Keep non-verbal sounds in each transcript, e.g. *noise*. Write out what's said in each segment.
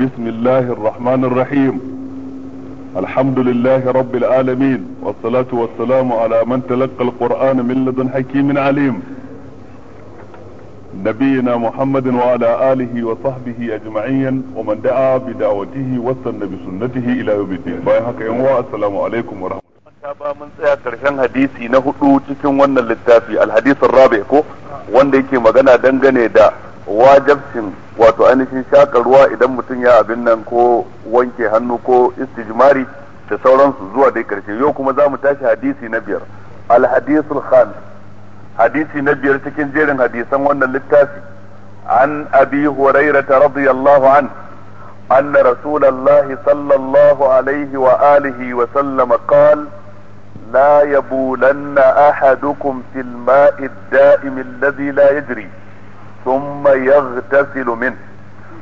بسم الله الرحمن الرحيم الحمد لله رب العالمين والصلاة والسلام على من تلقى القرآن من لدن حكيم عليم نبينا محمد وعلى آله وصحبه أجمعين ومن دعا بدعوته وسن بسنته إلى يوم الدين السلام عليكم ورحمة ba mun tsaya karshen hadisi na hudu cikin wannan littafi alhadisin rabi ko wanda yake magana dangane da wajabcin wato ainihin shaka ruwa idan mutum ya abin nan ko wanke hannu ko istijmari da sauransu zuwa dai karshe yau kuma za mu tashi hadisi na biyar alhadisul khan hadisi na biyar cikin jerin hadisan wannan littafi an abi hurairata radiyallahu an أن رسول sallallahu alaihi wa alihi wa sallama قال لا يبولن أحدكم في الماء الدائم الذي لا يجري ثم يغتسل منه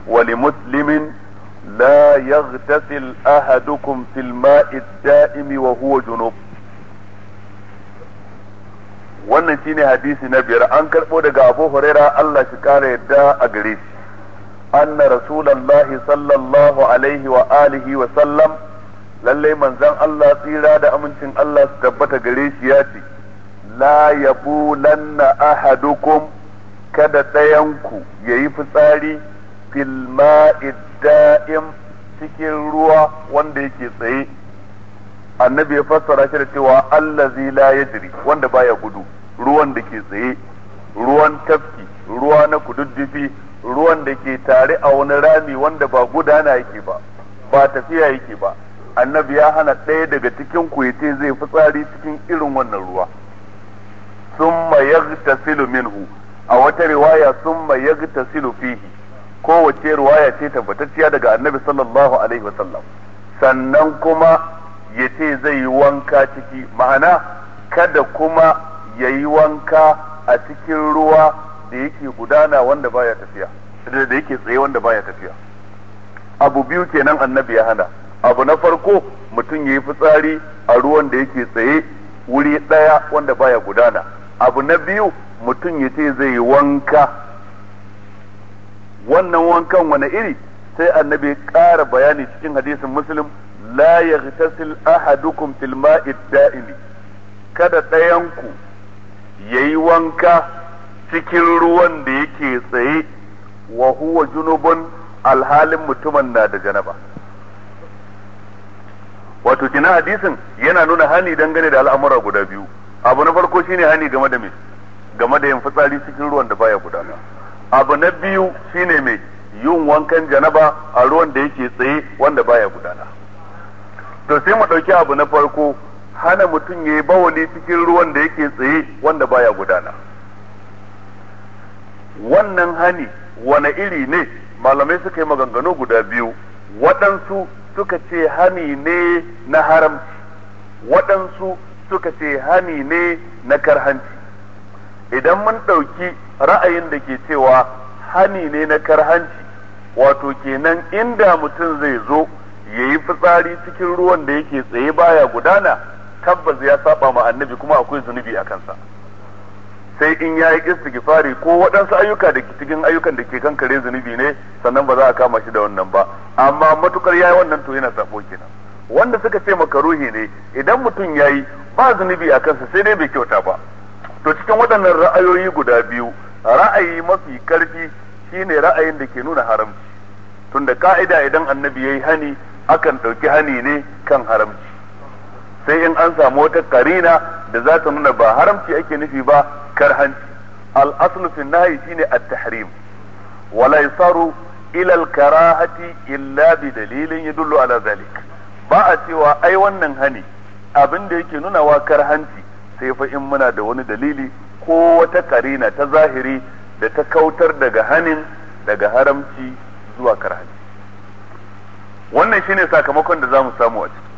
ولمسلم لا يغتسل أحدكم في الماء الدائم وهو جنوب wannan shine hadisi na biyar an karbo daga Abu Huraira Allah shi kare yadda a gare shi anna rasulullahi sallallahu alaihi wa alihi wa sallam lallai manzon Allah tsira da amincin Allah su tabbata gare shi ya ce la yabulanna ahadukum kada ɗayanku ya yi fitsari filma da'im cikin ruwa wanda yake tsaye annabi ya fassara shi da cewa allazi la yajri wanda baya gudu ruwan da ke tsaye ruwan tafki ruwa na kududdufi ruwan da ke tare a wani rami wanda ba gudana yake ba ba tafiya yake ba annabi ya hana ɗaya daga cikin ku yace zai fitsari cikin irin wannan ruwa sun yaghtasilu minhu a wata riwaya sun summa silu fihi kowace riwaya ce tabbatacciya daga annabi sallallahu alaihi wasallam sannan kuma ya ce zai yi wanka ciki ma'ana kada kuma ya yi wanka a cikin ruwa da yake gudana wanda baya tafiya da yake tsaye wanda baya tafiya abu biyu kenan annabi ya hana abu na farko mutum ya yi fitsari a ruwan da yake tsaye wuri ɗaya wanda baya gudana abu na biyu mutum ya ce zai wanka wannan wankan wani iri sai annabi ƙara bayani cikin hadisin muslim la yaghtasil ahadukum fil ma'i da'imi kada ɗayanku yayi wanka cikin ruwan da yake tsaye wa huwa junubun alhalin mutumin na da janaba wato kina hadisin yana nuna hani dangane da al'amura guda biyu abu na farko shine hani game da mai game da yin fitsari cikin ruwan da baya gudana abu na biyu shine mai yin wankan janaba a ruwan da yake tsaye wanda baya gudana to sai mu ɗauki abu na farko hana mutum ya yi bawali cikin ruwan da yake tsaye wanda baya gudana wannan hani wani iri ne malamai suka yi maganganu guda biyu waɗansu suka ce hani ne na haramci waɗansu suka ce hani ne na karhanci idan mun ɗauki ra'ayin da ke cewa hani ne na karhanci wato kenan inda mutum zai zo ya yi fitsari cikin ruwan da yake tsaye baya gudana tabbas ya saba ma annabi kuma akwai zunubi a kansa sai in ya yi istighfari ko waɗansu ayyuka da cikin ayyukan da ke kan kare zunubi ne sannan ba za a kama shi da wannan ba amma matukar yayi wannan to yana sabo kenan wanda suka ce makaruhi ne idan mutum yayi ba zunubi a kansa sai dai bai kyauta ba to cikin waɗannan ra'ayoyi guda biyu ra'ayi mafi karfi shine ra'ayin da ke nuna haramci tunda ka'ida idan annabi yayi hani akan ɗauki hani ne kan haramci sai in an samu wata karina da za ta nuna ba haramci ake nufi ba kar hanci al-aslu fi nahyi shine at-tahrim la yasaru ila al-karahati illa bi dalilin yadullu ala zalik ba a cewa ai wannan hani abin da yake nuna wa kar hanci sai fa in muna da wani dalili ko wata karina ta zahiri da ta kautar daga hanin daga haramci zuwa karhanci wannan shine sakamakon da za mu samu a ciki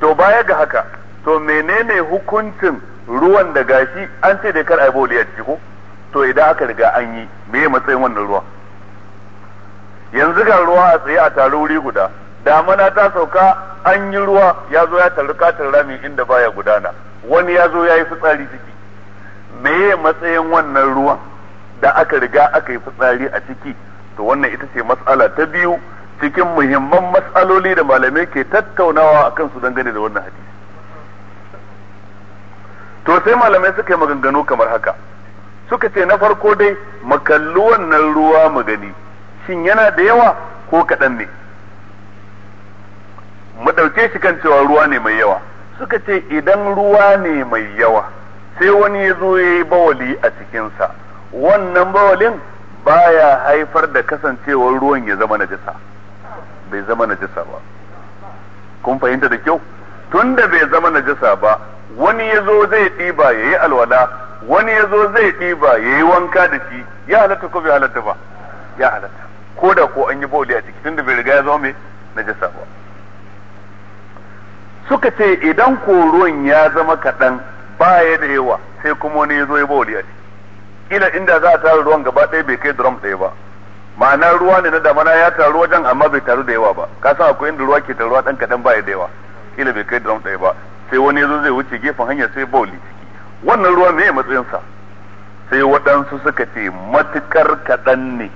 to baya ga haka to menene hukuncin ruwan da gashi an ce da kar a yi a ciki ko to idan aka riga an yi me matsayin wannan ruwa yanzu ga ruwa a tsaye a taro wuri guda damana ta sauka an yi ruwa ya zo ya tarri katin rami inda baya gudana wani ya zo ya yi fitsari ciki meye matsayin wannan ruwan da aka riga aka yi fitsari a ciki to wannan ita ce matsala ta biyu cikin muhimman matsaloli da malamai ke tattaunawa a kansu dangane da wannan hadisi to sai malamai suka yi maganganu kamar haka suka ce na farko dai mu kalli wannan ruwa mu gani shin yana da yawa ko kaɗan ne mu ɗauke shi kan cewa ruwa ne mai yawa suka ce idan ruwa ne mai yawa sai wani ya zo ya yi bawali a cikinsa wannan bawalin baya haifar da kasancewar ruwan ya zama najisa bai zama najisa ba kun fahimta da kyau tunda bai zama najisa ba wani ya zo zai ɗiba ya yi alwala wani ya zo zai ɗiba ya yi wanka da shi ya halatta ko bai halatta ba ya halatta ko da ko an yi bawali a ciki tunda bai riga ya zama mai najisa ba suka ce idan koruwan ya zama kaɗan baya da yawa sai kuma wani ya zo ya bawali a ila inda za a tara ruwan gaba ɗaya bai kai drum ɗaya ba ma'ana ruwa ne na damana ya taru wajen amma bai taru da yawa ba ka san akwai inda ruwa ke taruwa ɗan kaɗan baya da yawa ila bai kai drum ɗaya ba sai wani ya zai wuce gefen hanya sai bawali ciki wannan ruwan me sa sai waɗansu suka ce matukar kaɗan ne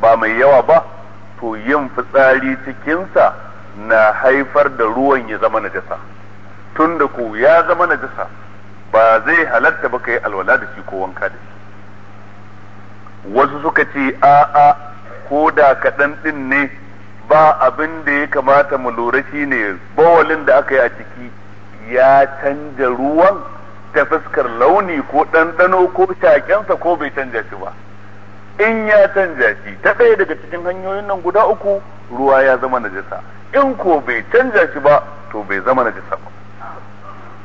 ba mai yawa ba to yin fitsari cikinsa na haifar da ruwan ya zama najasa tun da ku ya zama najasa ba zai halatta ba kai alwala da shi ko wanka da shi wasu suka ce a'a ko da kaɗan ɗin ne ba abin da ya kamata mu lura shi ne bawalin da aka yi a ciki ya canja ruwan ta fuskar launi ko ɗanɗano ko shakensa ko bai canja shi ba in ya canja shi ta ɗaya daga cikin hanyoyin nan guda uku ruwa ya zama najasa in ko bai canza shi ba to bai zama najisa ba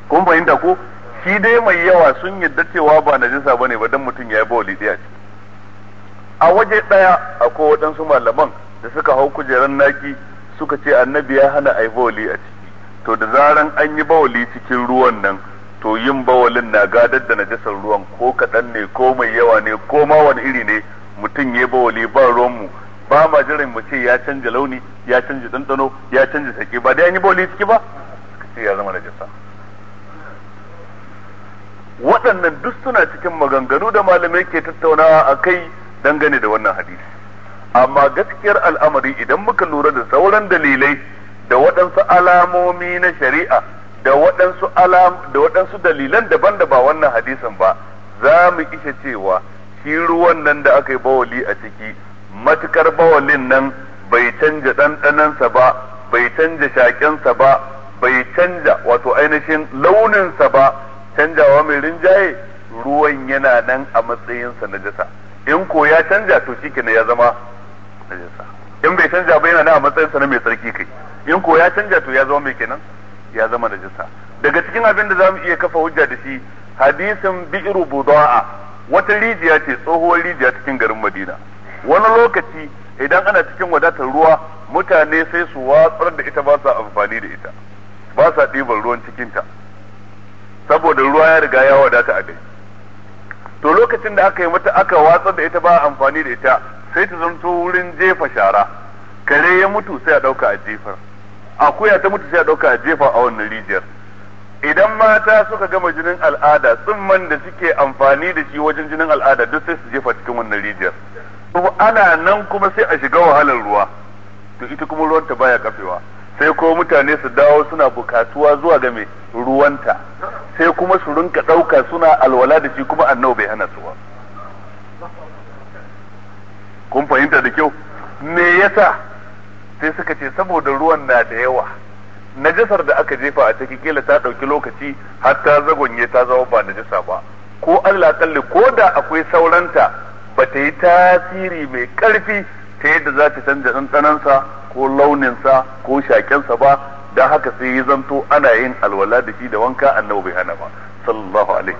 kun fahimta ko shi dai mai yawa sun yadda cewa ba najasa bane ba dan mutum ya yi bawali daya ce a waje daya akwai waɗansu malaman da suka hau kujerar naki suka ce annabi ya hana a yi bawali a ciki to da zaran an yi bawali cikin ruwan nan to yin bawalin na gadar da najasar ruwan ko kaɗan ne ko mai yawa ne ko ma wani iri ne mutum ya yi bawali ba ruwan mu ba ma jiran mu ce ya canja launi ya canja dandano ya canja sake ba da an yi boli ciki ba suka ce ya zama najasa waɗannan duk suna cikin maganganu da malamai ke tattaunawa a kai dangane da wannan hadisi amma gaskiyar al'amari idan muka lura da sauran dalilai da waɗansu alamomi na shari'a da waɗansu alam da waɗansu dalilan daban da ba wannan hadisin ba za mu isa cewa shi ruwan nan da aka yi bawali a ciki matukar bawalin nan bai canja ɗanɗanansa ba bai canja shaƙensa ba bai canja wato ainihin launinsa ba canjawa mai rinjaye ruwan yana nan a matsayinsa na jasa in ko ya canja to shi shikenan ya zama na jasa in bai canja ba yana nan a matsayinsa na mai tsarki kai in ko ya canja to ya zama mai kenan ya zama na jasa daga cikin abin da za mu iya kafa hujja da shi hadisin bi'iru buda'a wata rijiya ce tsohuwar rijiya cikin garin madina wani lokaci idan ana cikin wadatar ruwa mutane sai su watsar da ita ba sa amfani da ita ba sa ɗiban ruwan cikinta saboda ruwa ya riga ya wadata a dai to lokacin da aka yi mata aka watsar da ita ba amfani da ita sai ta zanto wurin jefa shara kare ya mutu sai a ɗauka a jefar akuya ta mutu sai a ɗauka a jefa a wannan rijiyar idan mata suka gama jinin al'ada tsumman da suke amfani da shi wajen jinin al'ada duk sai su jefa cikin wannan rijiyar to ana nan kuma sai a shiga wahalar ruwa to ita kuma ta baya kafewa sai ko mutane su dawo suna bukatuwa zuwa ga mai ruwanta sai kuma su rinka ɗauka suna alwala da shi kuma annabi bai hana su ba kun fahimta da kyau me yasa sai suka ce saboda ruwan na da yawa najasar da aka jefa a cikin kila ta ɗauki lokaci har ta zagonye ta zama ba najasa ba ko Allah kalli ko da akwai sauranta ba ta yi tasiri mai ƙarfi ta yadda za ta canza ɗanɗanansa ko launinsa ko shaƙensa ba da haka sai ya zanto ana yin alwala da shi da wanka annabi bai hana ba sallallahu alaihi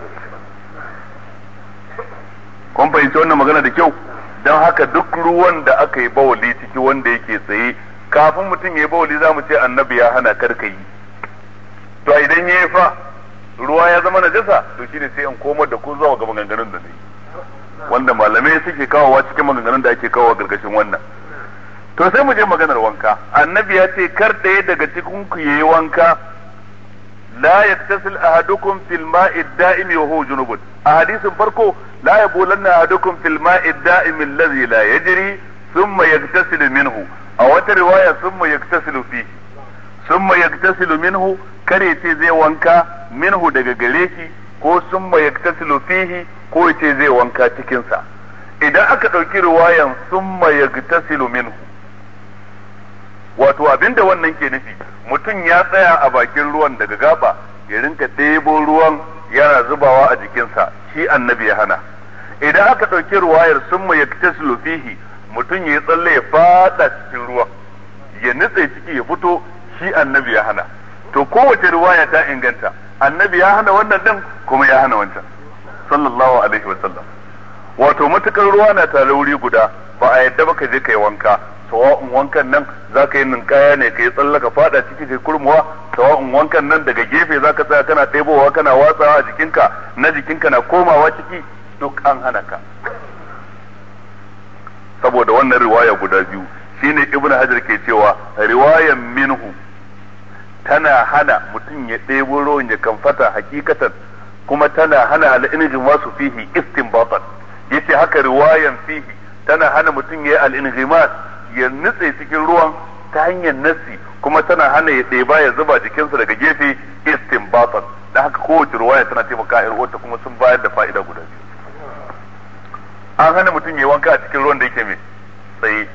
kun fahimci wannan magana da kyau don haka duk ruwan da aka yi bawali ciki wanda yake tsaye kafin mutum ya yi bawali za mu ce annabi ya hana karka yi to idan ya yi fa ruwa ya zama najasa to shine sai in komar da ku zuwa ga maganganun da na yi wanda malamai suke kawowa cikin maganganun da ake kawowa gargashin wannan to sai mu je maganar wanka annabi ya ce kar ɗaya daga cikin ku yayi wanka la yaktasil ahadukum fil ma'i da'imi wa huwa junubun a hadisin farko la yabulanna ahadukum fil ma'i da'imi alladhi la yajri thumma yaktasil minhu a wata riwaya thumma yaktasilu fi thumma yaktasilu minhu kare ce zai wanka minhu daga gare shi ko sun ma yaktasilu fihi ko yace zai wanka cikin sa idan aka ɗauki riwayan ma yaktasilu minhu wato abinda wannan ke nufi mutum ya tsaya a bakin ruwan daga gaba ya rinka ɗebo ruwan yana zubawa a jikinsa shi annabi ya hana idan aka ɗauki ruwayar ma yaktasilu fihi mutum ya tsalle ya fada cikin ruwan ya nutse ciki ya fito shi annabi ya hana to kowace riwaya ta inganta annabi ya hana wannan din kuma ya hana wancan sallallahu alaihi wasallam wato matukar ruwa na tare wuri guda ba a yadda ba ka je kai wanka Tawa'un wankan nan za ka yi ninkaya ne ka yi tsallaka fada ciki kai kurmuwa Tawa'un wankan nan daga gefe za ka tsaya kana ɗebowa kana watsawa a jikinka na jikinka na komawa ciki duk an hana ka saboda wannan riwaya guda biyu shine ibnu hajar ke cewa riwayan minhu tana hana mutum ya ɗebo ruwan ya kamfata hakikatan kuma tana hana al'inijin wasu fihi istinbatan yace haka riwayan fihi tana hana mutum ya yi al'inhimas ya nutse cikin ruwan ta hanyar nassi kuma tana hana ya ɗeba ya zuba jikinsa daga gefe istinbatan da haka kowace ruwaya tana taimaka a ta kuma sun bayar da fa'ida guda biyu an hana mutum ya wanka a cikin ruwan da yake mai tsaye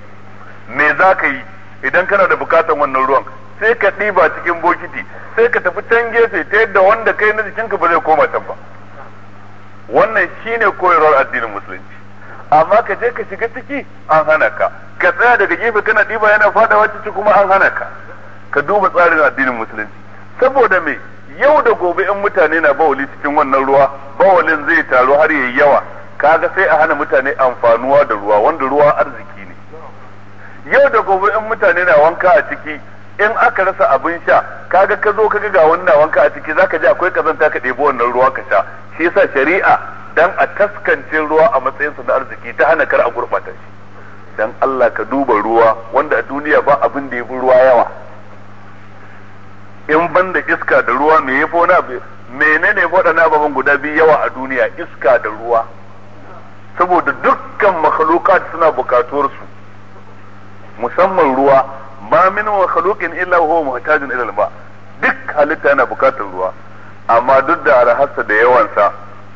me za ka yi idan kana da bukatan wannan ruwan sai ka ɗiba cikin bokiti sai ka tafi can gefe ta yadda wanda kai na jikinka ba zai koma can ba wannan shine koyarwar addinin musulunci amma ka je ka shiga ciki an hana ka ka tsaya daga gefe kana ɗiba yana fadawa ciki kuma an hana ka ka duba tsarin addinin musulunci saboda me yau da gobe in mutane na bawali cikin wannan ruwa bawalin zai taru har yayi yawa kaga sai a hana mutane amfanuwa da ruwa wanda ruwa arziki yau da gobe in mutane na wanka a ciki in aka rasa abin sha kaga ka zo kaga ga wannan wanka a ciki zaka je akwai kazanta ka ɗebi wannan ruwa ka sha shi yasa shari'a dan a taskance ruwa a matsayin sa na arziki ta hana kar a gurɓata shi dan Allah ka duba ruwa wanda a duniya ba abin da yafi ruwa yawa in banda iska da ruwa me yafi wani abu menene waɗannan ababen guda biyu yawa a duniya iska da ruwa saboda dukkan makhlukat suna bukatuwar musamman ruwa ma min wa khaluqin illa huwa muhtajun ila al-ma duk halitta yana bukatar ruwa amma duk da arhasa da yawansa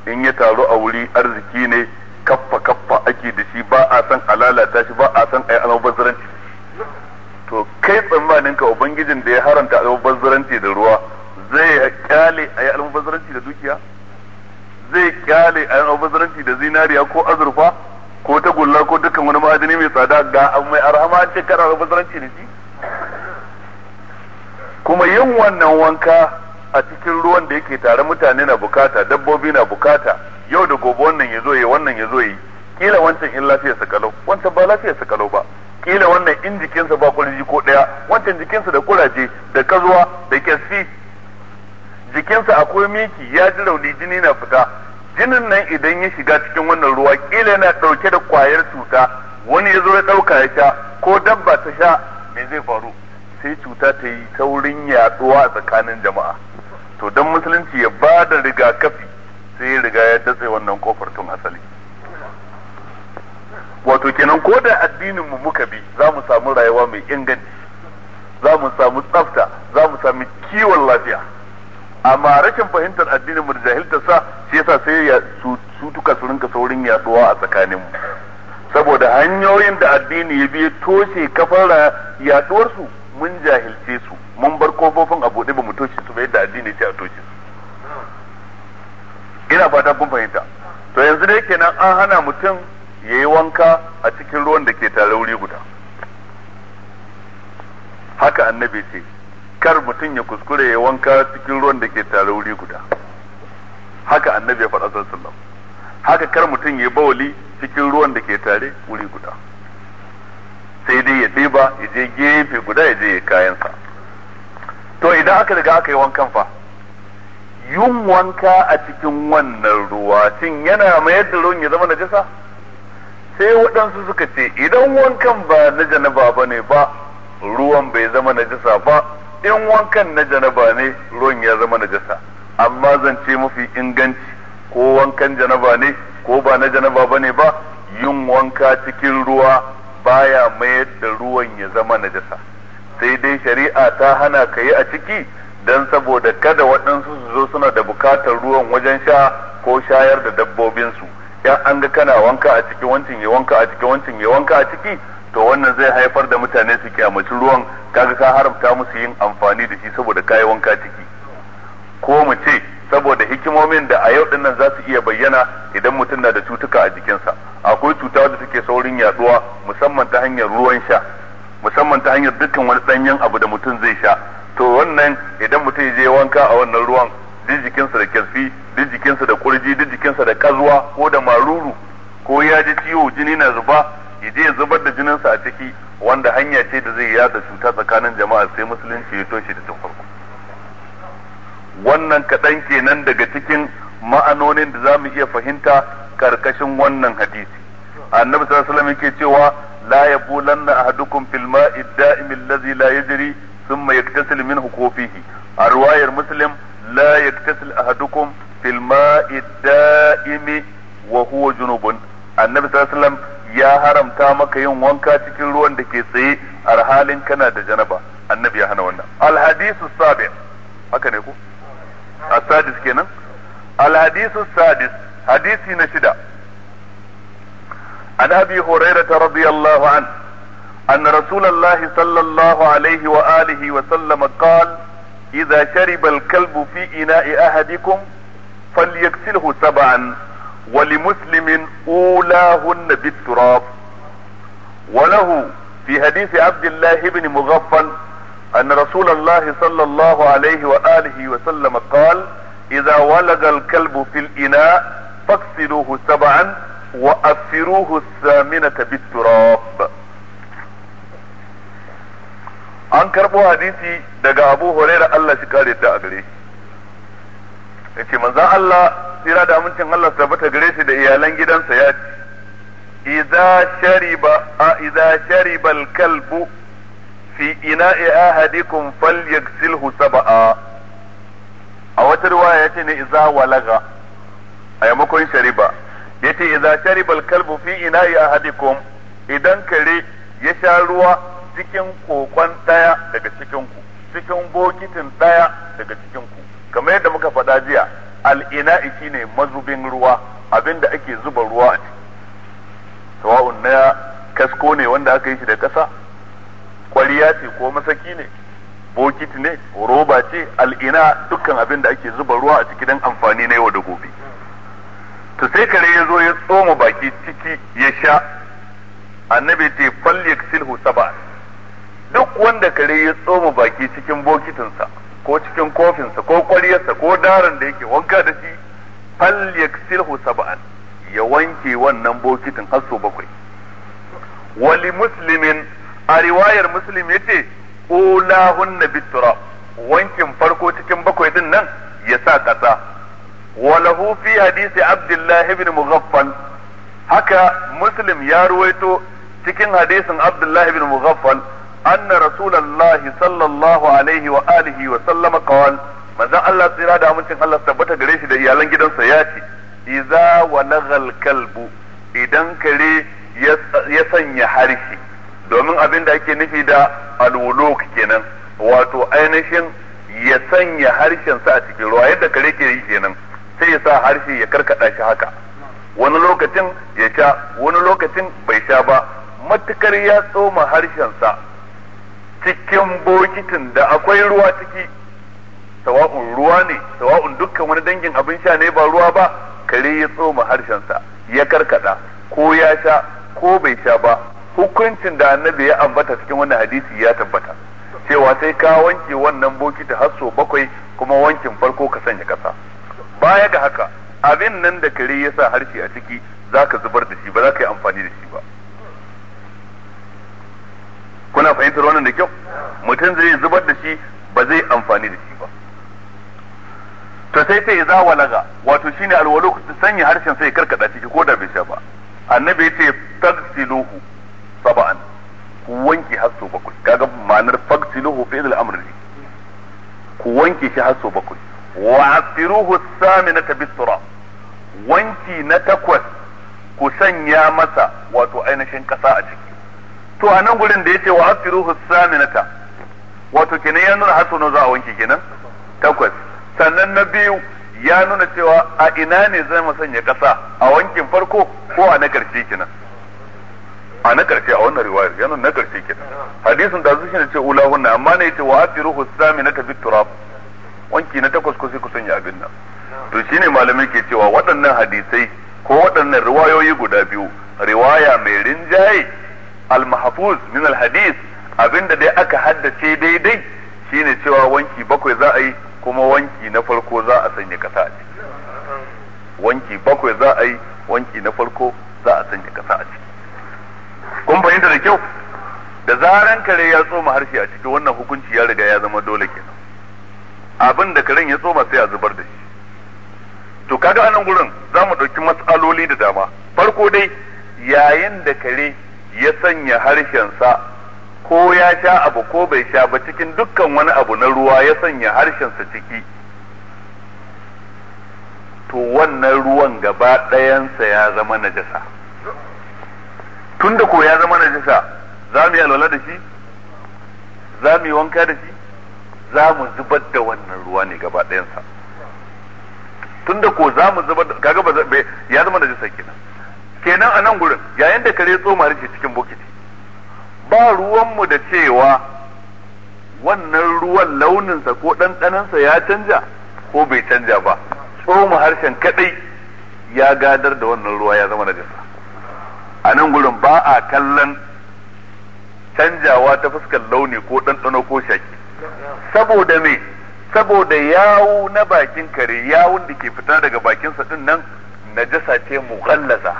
in ya taru a wuri arziki ne kaffa kaffa ake da shi ba a san alalata shi ba a san ayi almubazzaranci to kai tsammanin ka ubangijin da ya haranta almubazzaranci da ruwa zai kyale ayi almubazzaranci da dukiya zai kyale ayi almubazzaranci da zinariya ko azurfa ko ta gulla ko dukkan wani ma'adani mai tsada ga mai arhama an ce kana da fasaranci da shi kuma yin wannan wanka a cikin ruwan da yake tare mutane na bukata dabbobi na bukata yau da gobe wannan ya zo yi wannan ya zo yi kila wancan in sa kalau wancan ba sa kalau ba kila wannan in jikinsa ba kurji ko daya wancan jikinsa da kuraje da kazuwa da kyassi jikinsa akwai miki ya ji rauni jini na fita jinin nan idan ya shiga cikin wannan ruwa kila yana ɗauke da kwayar cuta wani ya zo ya ɗauka ya sha ko dabba ta sha me zai faru sai cuta ta yi saurin yaɗuwa a tsakanin jama'a to don musulunci ya ba da rigakafi sai ya riga ya datse wannan kofar tun asali wato kenan ko da addinin mu muka bi za mu samu rayuwa mai inganci za mu samu tsafta za mu sami kiwon lafiya amma rashin fahimtar addinin mu da jahilta sa shi yasa sai ya su tuka su rinka saurin yaduwa a tsakanin mu saboda hanyoyin da addini ya bi toshe kafar yaduwar su mun jahilce su mun bar kofofin a buɗe bamu mu toshe su ba yadda addini ce a toshe su ina fata kun fahimta to yanzu dai kenan an hana mutum ya yi wanka a cikin ruwan da ke tare wuri guda haka annabi ce kar mutum ya kuskure ya wanka cikin ruwan da ke tare wuri guda haka annabi ya faɗa haka kar mutum ya bawali cikin ruwan da ke tare wuri guda sai dai ya ɗiba ya je gefe guda ya je kayansa to idan aka riga aka yi wankan fa yin wanka a cikin wannan ruwa cin yana mayar da ruwan ya zama najasa sai waɗansu suka ce idan wankan ba na janaba ba ne ba ruwan bai zama najasa ba in wankan na janaba ne ruwan ya zama najasa amma ce mafi inganci ko wankan janaba ne ko ba na janaba ba ne ba yin wanka cikin ruwa baya mayar da ruwan ya zama najasa sai dai shari'a ta hana ka yi a ciki don saboda kada waɗansu su zo suna da bukatar ruwan wajen sha ko shayar da dabbobinsu yan an ga kana wanka a ciki wancin ya wanka a ciki wancin ya wanka a ciki to wannan zai haifar da mutane su kyamaci ruwan kaga ka haramta musu yin amfani da shi saboda kayi wanka ciki ko mu ce saboda hikimomin da a yau dinnan za su iya bayyana idan mutum na da cutuka a jikinsa akwai cuta da take saurin yaduwa musamman ta hanyar ruwan sha musamman ta hanyar dukkan wani danyen abu da mutum zai sha to wannan idan mutum ya je wanka a wannan ruwan duk jikinsa da kirfi duk jikinsa da kurji duk jikinsa da kazuwa ko da maruru ko ya ji ciwo jini na zuba ya je ya zubar da jininsa a ciki wanda hanya ce da zai yada cuta tsakanin jama'a sai musulunci ya toshe da tun farko wannan kaɗan kenan daga cikin ma'anonin da za mu iya fahimta karkashin wannan hadisi annabi sallallahu yake cewa la yabulanna ahadukum fil ma'i da'im allazi la yajri thumma yaktasil minhu kofihi a riwayar muslim la yaktasil ahadukum fil ma'i da'imi wa huwa junubun annabi sallallahu alaihi wasallam ya haramta maka yin wanka cikin ruwan da ke tsaye a halin kana da janaba annabi ya hana wannan alhadisu sabi haka ne ku asadis kenan alhadisu sadis hadisi na shida an abi hurairah radiyallahu an أن رسول الله صلى الله عليه وآله وسلم قال إذا شرب الكلب في إناء أحدكم فليكسله سبعا ولمسلم اولاهن بالتراب وله في حديث عبد الله بن مغفل ان رسول الله صلى الله عليه واله وسلم قال اذا ولد الكلب في الاناء فاغسلوه سبعا وافروه الثامنة بالتراب أنكر karɓo حديثي daga أبو هريرة الله shi kare yace manzon Allah tsira da amincin Allah tabbata gare shi da iyalan gidansa ya ce idza shariba a idza shariba kalbu fi ina'i ahadikum falyaghsilhu sab'a a wata riwaya yace ne idza walaga a yamakon shariba yace idza shariba kalbu fi ina'i ahadikum idan kare ya sha ruwa cikin kokon daya daga cikin ku cikin bokitin daya daga cikin ku kamar yadda muka faɗa jiya al'ina al'ina'i ne mazubin ruwa abinda ake zuba ruwa a ciki na kasko ne wanda aka yi shi da ƙasa kwariya ce ko masaki ne bokiti ne roba ce al'ina dukkan abinda ake zuba ruwa a ciki don amfani na yau da gobe to sai kare ya zo ya tsoma baki ciki ya sha annabi ce falyek silhu saba duk wanda kare ya tsoma baki cikin bokitinsa ko cikin kofinsa ko kwaryarsa ko daran da yake wanka da shi fal yaksilhu sab'an ya wanke wannan bokitin har bakwai wali muslimin a riwayar muslim yace ulahunna bitura wankin farko cikin bakwai din nan ya sa kasa walahu fi hadisi abdullahi ibn mughaffal haka muslim ya ruwaito cikin hadisin abdullahi ibn mughaffal anna rasulullahi sallallahu alaihi wa wa sallama qawal manzon Allah tsira da amincin Allah tabbata gare shi da iyalan gidansa ya ci idza walagal kalbu idan kare ya sanya harshe domin abin da ake nufi da alwuluk kenan wato ainihin ya sanya harshensa a cikin ruwayar da kare ke yi kenan sai ya sa harshe ya karkaɗa shi haka wani lokacin ya sha wani lokacin bai sha ba matukar ya tsoma harshen sa. cikin bokitin da akwai ruwa ciki sawa'un ruwa ne sawa'un dukkan wani dangin abin sha ne ba ruwa ba kare ya tsoma harshen sa ya karkada ko ya sha ko bai sha ba hukuncin da annabi ya ambata cikin wannan hadisi ya tabbata cewa sai ka wanke wannan bokiti har so bakwai kuma wankin farko ka sanya kasa baya ga haka abin nan da kare ya sa harshe a ciki zaka zubar da shi ba za ka yi amfani da shi ba kuna fahimtar wannan da kyau mutum zai zubar da shi ba zai amfani da shi ba to sai sai za walaga wato shine alwalu sanya harshen sai karkada ciki ko da bai sha ba annabi yace tagsiluhu sab'an ku wanke hasso sau bakwai kaga ma'anar fagsiluhu fi al amri ku wanke shi hasso bakwai wa asiruhu saminata bisura wanki na takwas ku sanya masa wato ainihin kasa a ciki to a nan gurin da yace wa asiruhu saminata wato kenan ya nuna hasu na za a wanke kenan takwas sannan na biyu ya nuna cewa a ina ne zai mu sanya kasa a wankin farko ko a na karshe kenan a na karshe a wannan riwayar ya nuna na karshe kenan hadisin da su da ce ulahunna amma ne ce wa asiruhu saminata bit turab wanki na takwas ko sai ku sanya abin nan to shine malamai ke cewa waɗannan hadisai ko waɗannan riwayoyi guda biyu riwaya mai rinjaye al-mahfuz min al-hadith abinda dai aka haddace daidai shine cewa wanki bakwai za a yi kuma wanki na farko za a sanya kasa a ciki wanki bakwai za a yi wanki na farko za a sanya kasa a ciki kun fahimta da kyau da zaran kare ya tsoma harshe a ciki wannan hukunci ya riga ya zama dole kenan abin da karen ya tsoma sai a zubar da shi to kaga anan gurin za mu ɗauki matsaloli da dama farko dai yayin da kare ya sanya harshensa ko ya sha abu ko bai sha ba cikin dukkan wani abu na ruwa ya sanya harshensa ciki to wannan ruwan gaba ɗayansa ya zama najasa tunda ko ya zama najasa za mu yi alwala da shi za mu yi wanka da shi za mu zubar da wannan ruwa ne gaba ɗayansa tunda ko za mu zubar da kaga ba ya zama najasa kenan kenan a nan gurin yayin da kare tsoma rike cikin bokiti ba ruwanmu da cewa wannan ruwan launinsa ko ɗanɗanansa ya canja ko bai canja ba tsoma harshen kaɗai ya gadar da wannan ruwa ya zama najasa a nan gurin ba a kallon canjawa ta fuskar launi ko ɗanɗano ko shaki saboda me saboda yawu na bakin kare yawun da ke fita daga bakinsa ɗin nan najasa ce mu mughallaza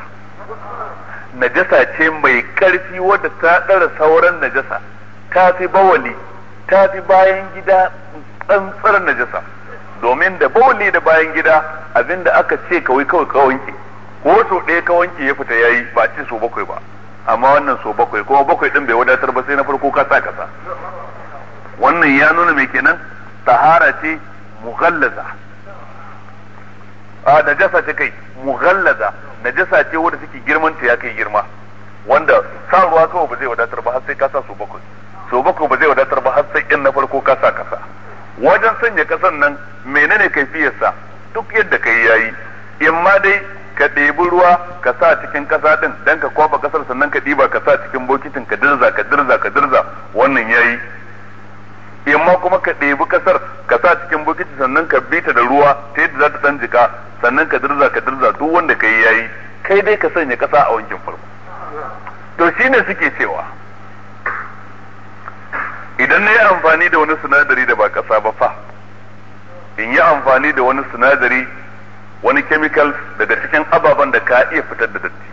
najasa ce mai ƙarfi wadda ta ɗara sauran najasa ta fi bawali ta fi bayan gida tsantsar najasa domin da bawali da bayan gida abinda aka ce kawai kawai ka wanke ko so ɗaya ka wanke ya fita yayi ba ce so bakwai ba amma wannan so bakwai kuma bakwai din bai wadatar ba sai na farko ka sa kasa wannan ya nuna mai kenan tahara ce mughallaza a najasa ce kai mughallaza najasa ce wanda take girman ta ya kai girma wanda sa ruwa kawai ba zai wadatar ba har sai kasa su bakwai su bakwai ba zai wadatar ba har sai in na farko kasa kasa wajen sanya kasan nan menene kaifiyarsa duk yadda kai yayi in ma dai ka ɗebi ruwa ka sa cikin kasa din dan ka kwafa kasar sannan ka ɗiba ka sa cikin bokitin ka dirza ka dirza ka dirza wannan yayi imma kuma ka ɗebi kasar ka sa cikin bukiti sannan ka bi ta da ruwa ta yadda za ta san jika sannan ka dirza ka dirza duk wanda ka yi yayi kai dai ka sanya kasa a wankin farko to shine suke cewa idan na yi amfani da wani sinadari da ba kasa ba fa in yi amfani da wani sinadari wani chemical daga cikin ababen da ka iya fitar da datti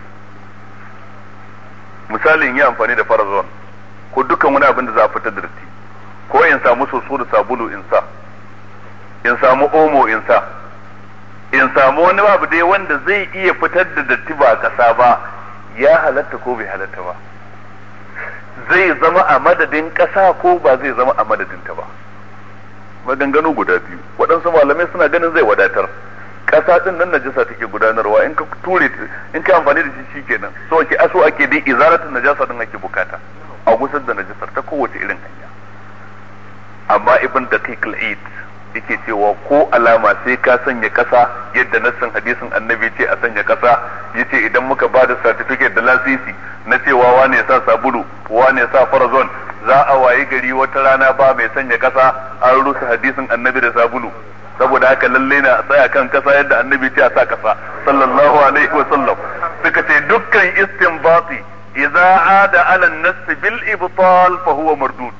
misali in yi amfani da farazon ko dukkan wani abin da za a fitar da datti ko in samu soso da sabulu in sa in samu omo in sa in samu wani babu dai wanda zai iya fitar da datti ba kasa ba ya halatta ko bai halatta ba zai zama a madadin kasa ko ba zai zama a madadin ta ba maganganu guda biyu waɗansu malamai suna ganin zai wadatar kasa din nan najasa take gudanarwa in ka ture in ka amfani da shi shikenan so ake aso ake dai izaratun najasa din ake bukata a gusar da najasar ta kowace irin hanya amma ibn daqiq al-eid yake cewa ko alama sai ka sanya kasa yadda nassin hadisin annabi ce a sanya kasa yace idan muka bada da certificate da lasisi na cewa wane ya sa sabulu wane ya sa farazon za a wayi gari wata rana ba mai sanya kasa an rusa hadisin annabi da sabulu saboda haka lalle na tsaya kan kasa yadda annabi ce a sa kasa sallallahu alaihi wa sallam suka ce dukkan istinbati idza ada ala an-nass bil ibtal fa huwa mardud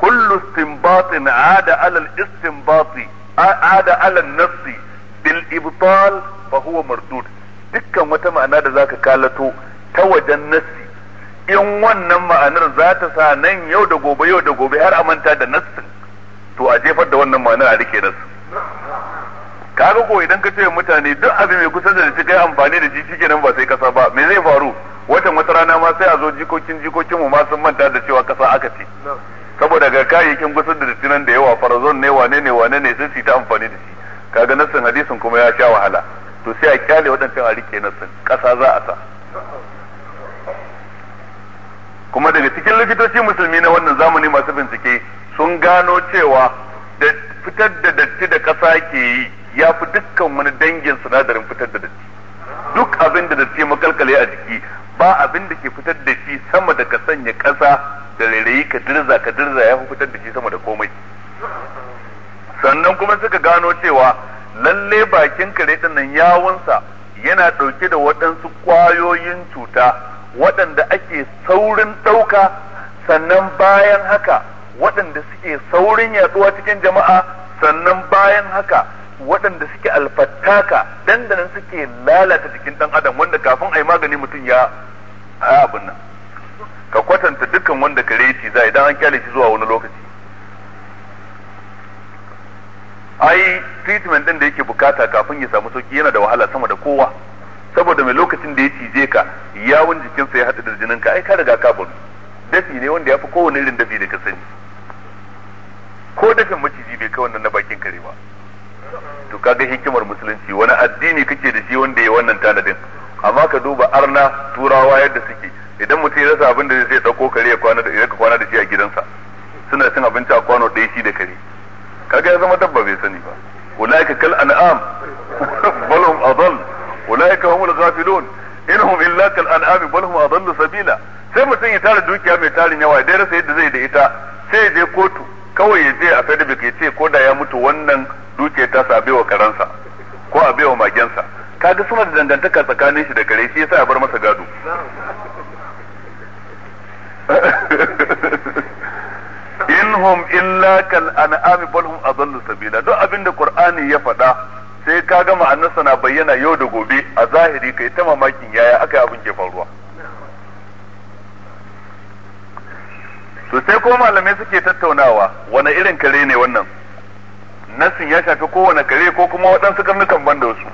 كل استنباط عاد alal الاستنباط عاد alal النص bil فهو مردود huwa mardud dukkan wata ma'ana da zaka kalato ta wajen in wannan ma'anar za ta sa nan yau da gobe yau da gobe har a da nassin to a jefar da wannan ma'anar a rike Ka kaga ko idan ka ce mutane duk abu mai kusa da shi kai amfani da shi kenan ba sai kasa ba me zai faru watan wata rana ma sai a zo jikokin jikokin mu ma sun manta da cewa kasa aka ce saboda ga kayayyakin gusar da dattinan da yawa farazon ne wane ne wane ne sai su ta amfani da shi kaga nassin hadisin kuma ya sha wahala to sai a kyale waɗancan a rike nassin ƙasa za a sa kuma daga cikin likitoci musulmi na wannan zamani masu bincike sun gano cewa da fitar da datti da ƙasa ke yi ya fi dukkan wani dangin sinadarin fitar da datti duk abin da datti makalkale a jiki ba abin da ke fitar da shi sama da ka sanya ƙasa da rairayi ka dirza ka dirza ya fi fitar da shi sama da komai sannan kuma suka gano cewa lalle bakin kare dinnan yawunsa yana ɗauke da waɗansu ƙwayoyin cuta waɗanda ake saurin ɗauka sannan bayan haka waɗanda suke saurin yaɗuwa cikin jama'a sannan bayan haka waɗanda suke alfattaka dandanan suke lalata jikin ɗan adam wanda kafin a yi magani mutum ya abin nan ka kwatanta dukkan wanda ka reci za idan an kyale shi zuwa wani lokaci ai treatment ɗin da yake bukata kafin ya samu sauki yana da wahala sama da kowa saboda mai lokacin da ya cije ka yawon jikinsa ya haɗu da jinin ka ai ka riga ka bari dafi ne wanda ya fi kowane irin dafi da ka sani ko dafin maciji bai kai wannan na bakin kare ba to kaga hikimar musulunci wani addini kake da shi wanda ya wannan tanadin amma ka duba arna turawa yadda suke idan mutum ya rasa abin da zai dauko kare ya kwana da ya kwana da shi a gidansa suna cin abinci a kwano ɗaya shi da kare kaga ya zama dabba bai sani ba ulaika kal an'am *laughs* bal hum adall ulaika humul ghafilun inhum illa kal an'am bal hum sabila sai mutum ya tara dukiya mai tarin yawa dai rasa yadda zai da ita sai ya je kotu kawai ya je a sai da ce ko da ya mutu wannan duke ta sa wa karansa ko a baiwa magensa kaga suna da dangantaka tsakanin shi da kare shi yasa ya bar masa gado *laughs* inhum illa kal an'am bal hum adallu sabila duk da qur'ani ya faɗa sai ka ga ma'anarsa na bayyana yau da gobe a zahiri kai ta mamakin yaya aka abin ke faruwa to sai ko malamai suke tattaunawa wani irin kare ne wannan nasin ya shafi kowane kare ko kuma waɗansu karnukan da wasu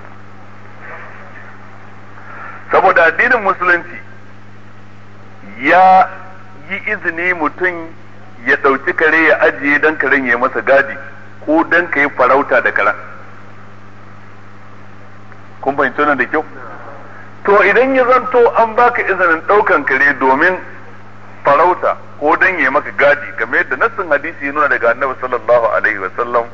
saboda addinin musulunci ya yi izini mutum ya ɗauki kare ya ajiye don karen ya masa gadi ko don ka yi farauta da karen kun fahimci nan da kyau to idan ya zanto an baka izinin ɗaukan kare domin farauta ko dan yi maka gadi game da nassin hadisi ya nuna daga annabi sallallahu alaihi wa sallam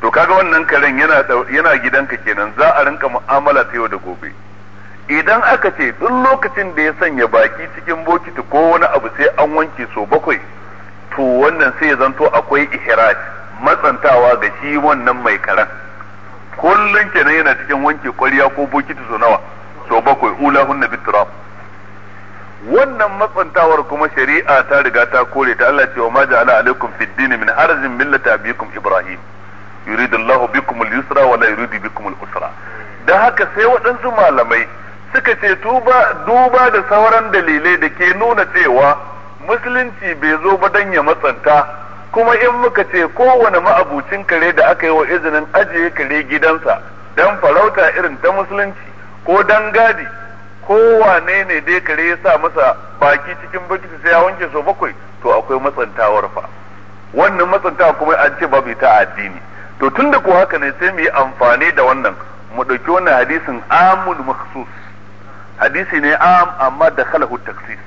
to kaga wannan karen yana yana gidanka kenan za a rinka mu'amala ta yau da gobe idan aka ce duk lokacin da ya sanya baki cikin bokiti ko wani abu sai an wanke so bakwai to wannan sai ya zanto akwai ihraj matsantawa ga shi wannan mai karen kullum kenan yana cikin wanke kwarya ko bokiti so nawa so bakwai ulahunna bitraf wannan matsantawar kuma shari'a ta riga ta kore ta Allah cewa ma ja'ala alaikum fid din min harzin millata abikum ibrahim yuridu Allah bikum al-yusra wa la yuridu bikum al-usra dan haka sai waɗansu malamai suka ce tuba duba da sauran dalilai da ke nuna cewa musulunci bai zo ba dan ya matsanta kuma in muka ce kowane ma'abucin kare da aka yi wa izinin ajiye kare gidansa dan farauta irin ta musulunci ko dan gadi kowane ne dai kare ya sa masa baki cikin bukiti sai ya wanke so bakwai to akwai matsantawar fa wannan matsantawa kuma an ce babu ita addini to tunda ko haka ne sai mu yi amfani da wannan mu ɗauki wannan hadisin amul makhsus hadisi ne am amma da khalahu taksis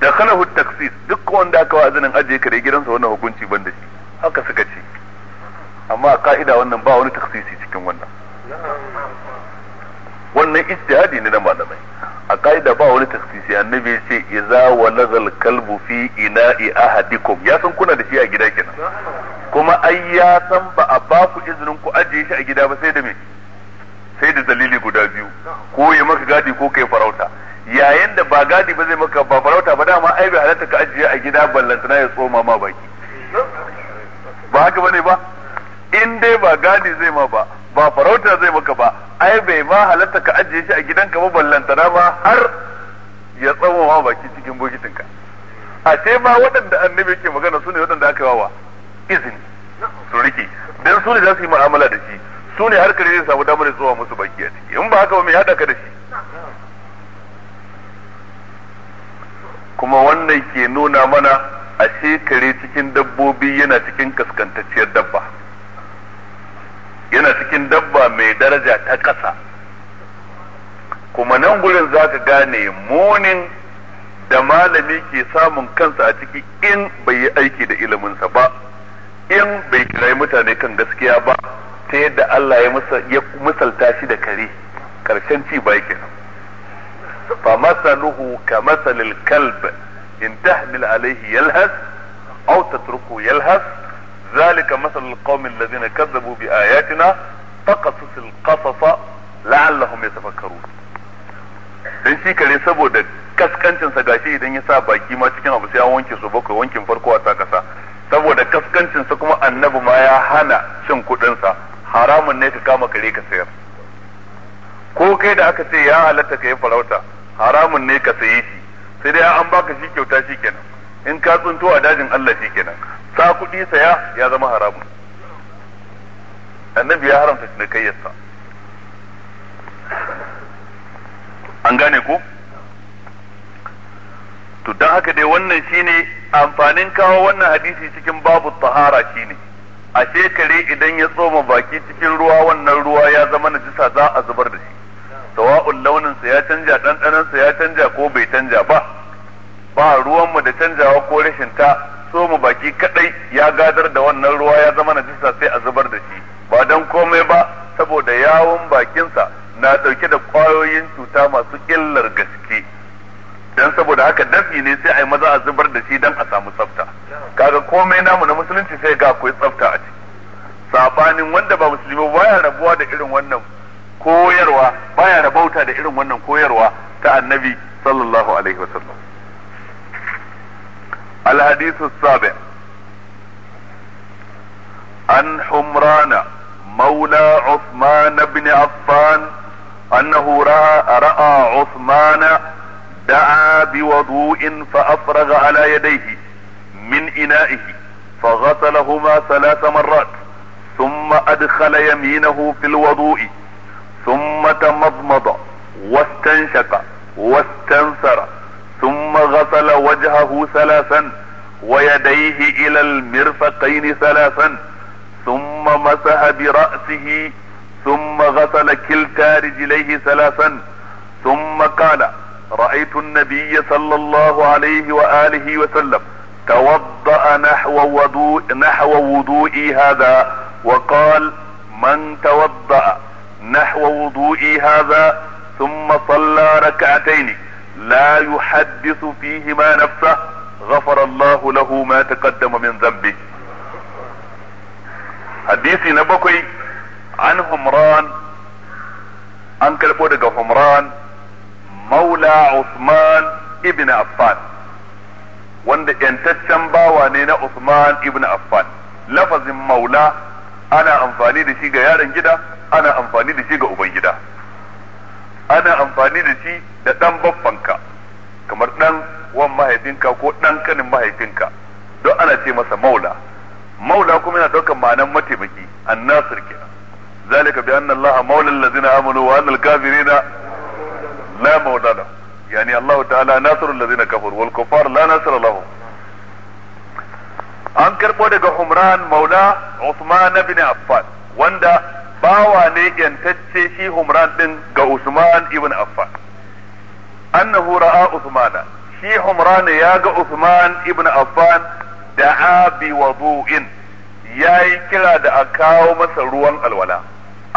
da khalahu taksis duk wanda aka wa azinin ajiye kare gidansa wannan hukunci ban da shi haka suka ce amma a ka'ida wannan ba wani taksisi cikin wannan wannan ijtihadi ne na malamai a ka'ida ba wani taskisi annabi ya iza wa nazal kalbu fi ina'i ahadikum ya san kuna da shi a gida kenan kuma ai ya san ba a ba ku izinin ku ajiye shi a gida ba sai da me sai da dalili guda biyu ko ya maka gadi ko kai farauta yayin da ba gadi ba zai maka ba farauta ba dama ai bai halatta ka ajiye a gida ballantana ya tsoma ma baki ba haka bane ba in dai ba gadi zai ma ba ba farauta zai maka ba ai bai ma halatta ka ajiye shi a gidanka ba ballantana ba har ya tsawo ma baki cikin bokitinka a ce ma waɗanda annabi ke magana su ne waɗanda aka yawa izini su rike dan su ne za su yi mu'amala da shi su ne har kare zai samu damar da musu baki a ciki in ba haka ba mai haɗa ka da shi kuma wannan ke nuna mana a kare cikin dabbobi yana cikin kaskantacciyar dabba yana cikin dabba mai daraja ta ƙasa kuma nan gurin za ka gane munin da malami ke samun kansa a ciki in bai yi aiki da iliminsa ba in bai kirayi mutane kan gaskiya ba ta yadda Allah ya misalta shi da kare karshen ci ba yake fa masaluhu ka masalil kalb in tahmil alaihi yalhas aw tatruku yalhas zalika مثل القوم الذين كذبوا bi فقصص القصص لعلهم يتفكرون dan shi kare saboda kaskancin sa gashi idan ya sa baki ma cikin abu sai an wanke su bakwai wankin farko a sa kasa saboda kaskancin sa kuma annabi ma ya hana cin kudin sa haramun ne ka kama kare ka sayar ko kai da aka ce ya halatta ka yi farauta haramun ne ka sayi shi sai dai an baka shi kyauta shi kenan in ka tsunto a dajin Allah shi kenan sa kuɗi saya ya zama haramun annabi ya haramta cinikayyarsa an gane ko to don haka dai wannan shine amfanin kawo wannan hadisi cikin babu tahara ne. a shekare idan ya tsoma baki cikin ruwa wannan ruwa ya zama na najisa za a zubar da shi sawa'un launinsa ya canja ɗanɗanansa ya canja ko bai canja ba ba ruwanmu da canjawa ko rashin ta so mu baki kadai ya gadar da wannan ruwa ya zama najisa sai a zubar da shi ba don komai ba saboda yawon bakinsa na dauke da kwayoyin cuta masu illar gaske dan saboda haka dafi ne sai a yi maza a zubar da shi dan a samu tsafta kaga komai namu na musulunci sai ga akwai tsafta a ciki sabanin wanda ba musulmi baya rabuwa da irin wannan koyarwa baya rabauta da irin wannan koyarwa ta annabi sallallahu alaihi wasallam الحديث السابع عن حمران مولى عثمان بن عفان انه راى راى عثمان دعا بوضوء فافرغ على يديه من انائه فغسلهما ثلاث مرات ثم ادخل يمينه في الوضوء ثم تمضمض واستنشق واستنثر ثم غسل وجهه ثلاثا ويديه الى المرفقين ثلاثا ثم مسح براسه ثم غسل كلتا رجليه ثلاثا ثم قال رايت النبي صلى الله عليه واله وسلم توضا نحو وضوء نحو وضوئي هذا وقال من توضا نحو وضوئي هذا ثم صلى ركعتين لا يحدث فيهما نفسه غفر الله له ما تقدم من ذنبه حديثي نبكي عن همران عن كالبودق همران مولى عثمان ابن عفان wanda ‘yantaccen bawa ne na Usman ibn Affan lafazin maula ana amfani da shi ga yaron gida ana amfani da shi ga uban gida ana amfani da shi da dan babbanka kamar dan wan mahaifinka ko dan kanin mahaifinka don ana ce masa maula maula kuma yana ɗaukar ma'anan mataimaki annasir kenan zalika bi anna allaha maula allazina amanu wa annal kafirina la maula lahum yani allah ta'ala nasirul ladzina kafaru wal kufar la nasira lahum an karbo daga Humran maula Uthman ibn Affan wanda bawa ne yantacce shi Humran din ga Usman ibn Affan annahu ra'a Usmana shi Humran ya ga Usman ibn Affan da'a bi wudu'in yayi kira da a kawo masa ruwan alwala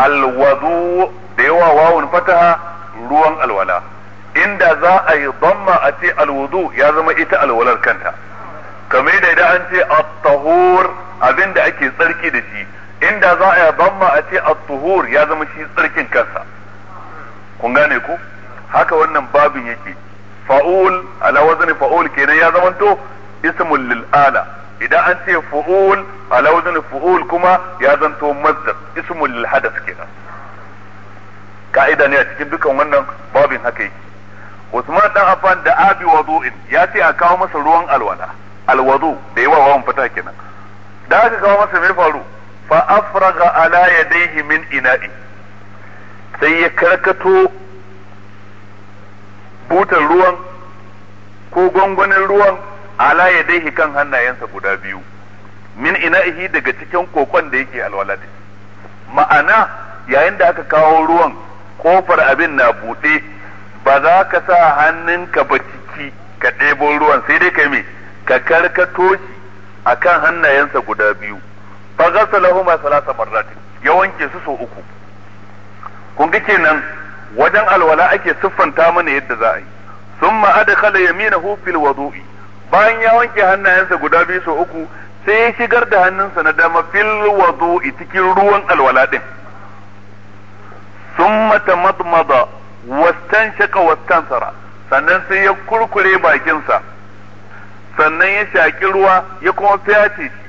alwudu da yawa wawun fataha ruwan alwala inda za a yi damma a ce alwudu ya zama ita alwalar kanta kamar da idan an ce at-tahur abinda ake tsarki da shi inda za a yabamma a ce at-tuhur ya zama shi tsarkin kansa kun gane ku haka wannan babin yake fa'ul ala wazni fa'ul kenan ya zamanto ismul lil ala idan an ce fu'ul ala wazni fu'ul kuma ya zanto masdar ismul lil hadath kenan ka'ida ne a cikin dukan wannan babin haka yake Usman dan Affan da abi wadu'in ya ce a kawo masa ruwan alwala alwadu da yawa wawan fita kenan da aka kawo masa mai faru fa afraga ala yadayhi min ina'i sai ya karkato butar ruwan ko gwangwanin ruwan ala yadayhi kan hannayensa guda biyu min ina'ihi daga cikin kokon da yake alwala da ma'ana yayin da aka kawo ruwan kofar abin na buɗe ba za ka sa hannunka ba ciki ka ɗebo ruwan sai dai ka mai ka karkato shi akan hannayensa guda biyu fa ghasalahuma salasa marratin ya wanke su sau uku kun ga kenan wajen alwala ake siffanta mana yadda za a yi summa adkhala yaminahu fil wudu'i bayan ya wanke hannayensa guda biyu so uku sai ya shigar da hannunsa na dama fil wudu'i cikin ruwan alwala din summa tamadmada wastanshaqa wastansara sannan sai ya kurkure bakinsa sannan ya shaki ruwa ya kuma fiyace shi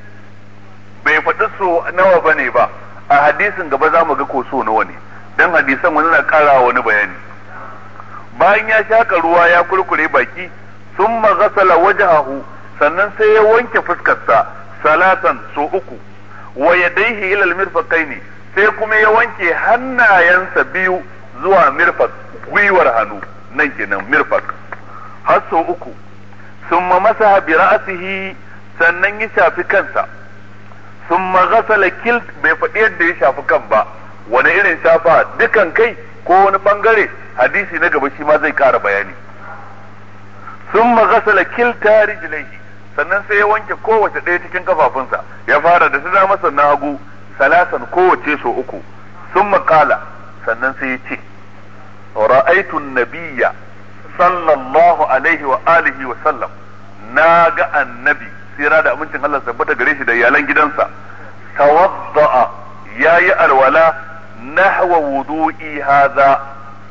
bai faɗi so nawa ba ne ba a hadisin gaba za mu ga ko so nawa ne dan hadisan wani na ƙara wani bayani bayan ya shaka ruwa ya kurkure baki sun magasala wajahahu sannan sai ya wanke fuskarsa salatan so uku wa yadaihi ilal ne sai kuma ya wanke hannayensa biyu zuwa mirfaq gwiwar hannu nan kenan mirfaq har so uku Sun ma bi ra'sihi sannan ya shafi kansa sun magasala kil bai faɗi yadda ya shafi kan ba wani irin shafa dukan kai ko wani bangare hadisi na gaba shi ma zai ƙara bayani sun kil kilta rijilaihi sannan sai ya wanke kowace ɗaya cikin kafafunsa ya fara da su dama sannan hagu salasan kowace sau uku sun makala sannan sai ya ce ra'aitun nabiyya sallallahu alaihi wa alihi wa sallam na ga annabi tsira da amincin Allah sabbata gare shi da iyalan gidansa ya yi alwala nahwa wudu'i hadha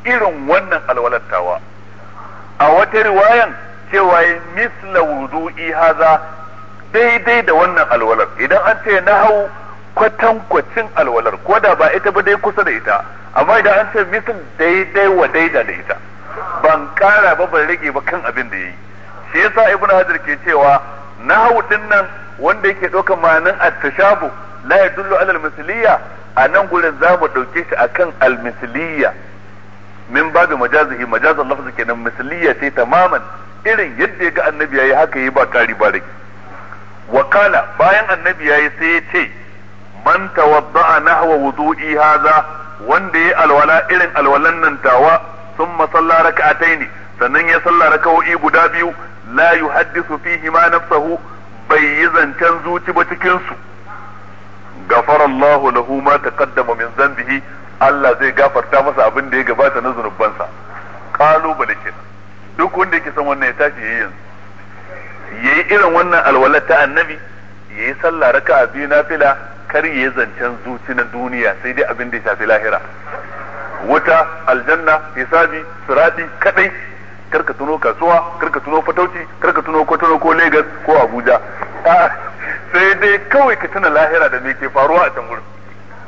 irin wannan alwalattawa a wata riwayan cewa misla wudu'i hadha daidai da wannan alwalar idan an ce kwatan kwatankwacin alwalar ko da ba ita ba dai kusa da ita amma idan an ce misal daidai wa daida da ita ban kara ba ban rage ba kan abin da yayi shi yasa ibnu hajar ke cewa nahawu din nan wanda yake ɗaukar ma'anin at-tashabu la yadullu ala al-misliya a nan gurin za mu ɗauke shi akan al-misliya min babu majazihi majazan lafzi kenan misliya ce tamaman irin yadda ya ga annabi yayi haka yi ba kari ba wakala bayan annabi yayi sai ya ce man tawadda'a nahwa wudu'i hadha wanda yayi alwala irin alwalan nan tawa thumma salla rak'ataini sannan ya salla raka'o'i guda biyu la yuhaddisu fihi ma nafsahu bai yi zancen zuci ba cikin su gafarallahu lahu ma kaddama min zambihi Allah zai gafarta masa abin da ya gabata na zunubansa kalubale kenan duk wanda yake son wannan ya tashi yayi yanzu yayi irin wannan alwala ta annabi yayi sallah a biyu nafila kar yayi zancen zuci na duniya sai dai abinda ya shafi lahira wuta aljanna hisabi sirati kaɗai. karka tuno kasuwa karka tuno fatauci karka tuno kwatano ko lagos ko abuja ah, sai dai kawai ka tuna lahira da me ke faruwa a can gurin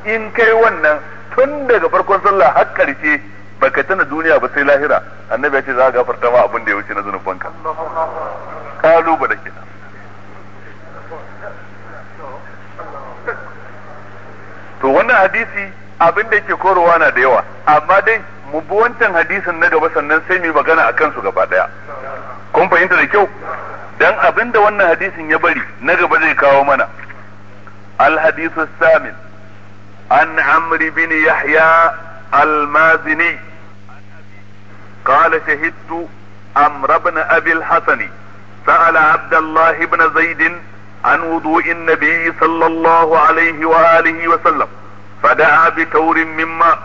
in kai wannan tun daga farkon sallah har karshe baka tuna duniya ba sai lahira annabi ya ce za a gafarta ma abin da ya wuce na zunubanka kalubale kenan to wannan hadisi abin da yake korowa na da yawa amma dai mu bi wancan hadisin na gaba sannan sai mu magana a kansu gaba daya kun fahimta da kyau dan abinda wannan hadisin ya bari na gaba zai kawo mana al hadisu samin an amri bin yahya al mazini قال شهدت عمرو بن ابي الحسن سال عبد الله بن زيد عن وضوء النبي صلى الله عليه وآله وسلم فدعا بتور من ماء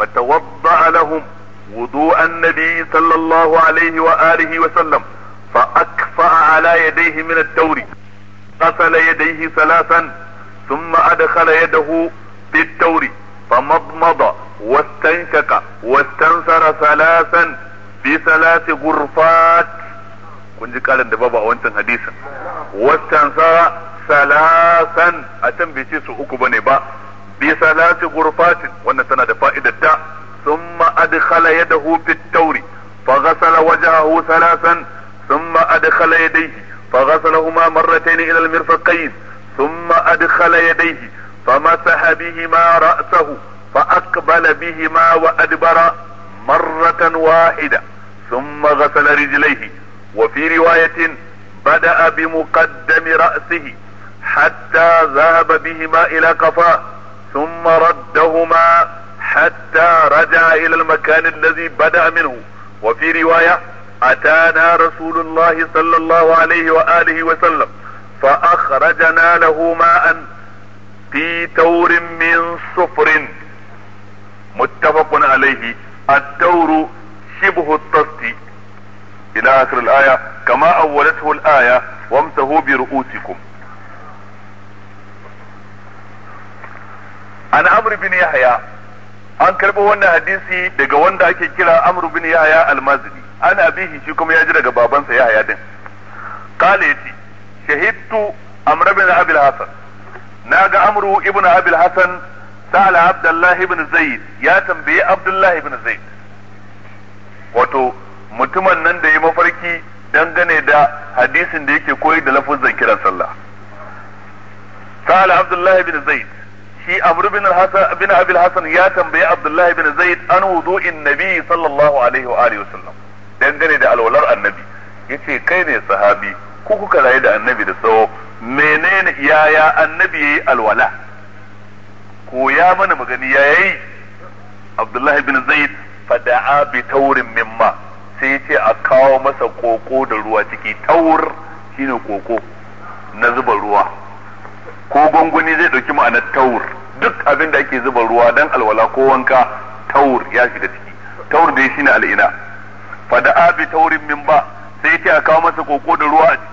فتوضأ لهم وضوء النبي صلى الله عليه وآله وسلم فأكفأ على يديه من التور غسل يديه ثلاثا ثم أدخل يده في التور فمضمض واستنشق واستنثر ثلاثا في ثلاث غرفات kun ji karin da babu a wancan hadisin wastansa salasan a can bai ce su uku bane ba بثلاث غرفات ونسنا فائدة التاء ثم أدخل يده في التور فغسل وجهه ثلاثا ثم أدخل يديه فغسلهما مرتين إلى المرفقين ثم أدخل يديه فمسح بهما رأسه فأقبل بهما وأدبر مرة واحدة ثم غسل رجليه وفي رواية بدأ بمقدم رأسه حتى ذهب بهما إلى كفاه ثم ردهما حتى رجع الى المكان الذي بدأ منه وفي رواية اتانا رسول الله صلى الله عليه وآله وسلم فاخرجنا له ماء في تور من صفر متفق عليه التور شبه الطست الى اخر الايه كما اولته الايه وامسهوا برؤوسكم an amr bin yahya an karbo wannan hadisi daga wanda ake kira amr bin yahya almazini an abihi shi kuma ya ji daga babansa yahya din qala yati shahidtu amr bin abil hasan naga amru ibn abil hasan sala abdullah ibn zaid ya tambaye abdullah ibn zaid wato mutumin nan da ya mafarki dangane da hadisin da yake koyi da lafuzan kiran sallah sala abdullah ibn zaid shi Amr bin hasan bin Abi hasan ya tambayi Abdullah bin Zaid an wudu'in Nabi sallallahu alaihi wa alihi wasallam dangane da alwalar Annabi yace kai ne sahabi ku kuka rayu da Annabi da tsawo menene yaya Annabi yayi alwala ko ya mana magani ya yayi Abdullah bin Zaid fada'a bi taurin mimma sai yace a kawo masa koko da ruwa ciki taur shine koko na zuba ruwa ko gwangwani zai ɗauki ma'anar taur duk abin da ake zuba ruwa dan alwala ko wanka taur ya shiga ciki taur dai shine al'ina fa da abi taurin min ba sai yace a kawo masa koko da ruwa a ciki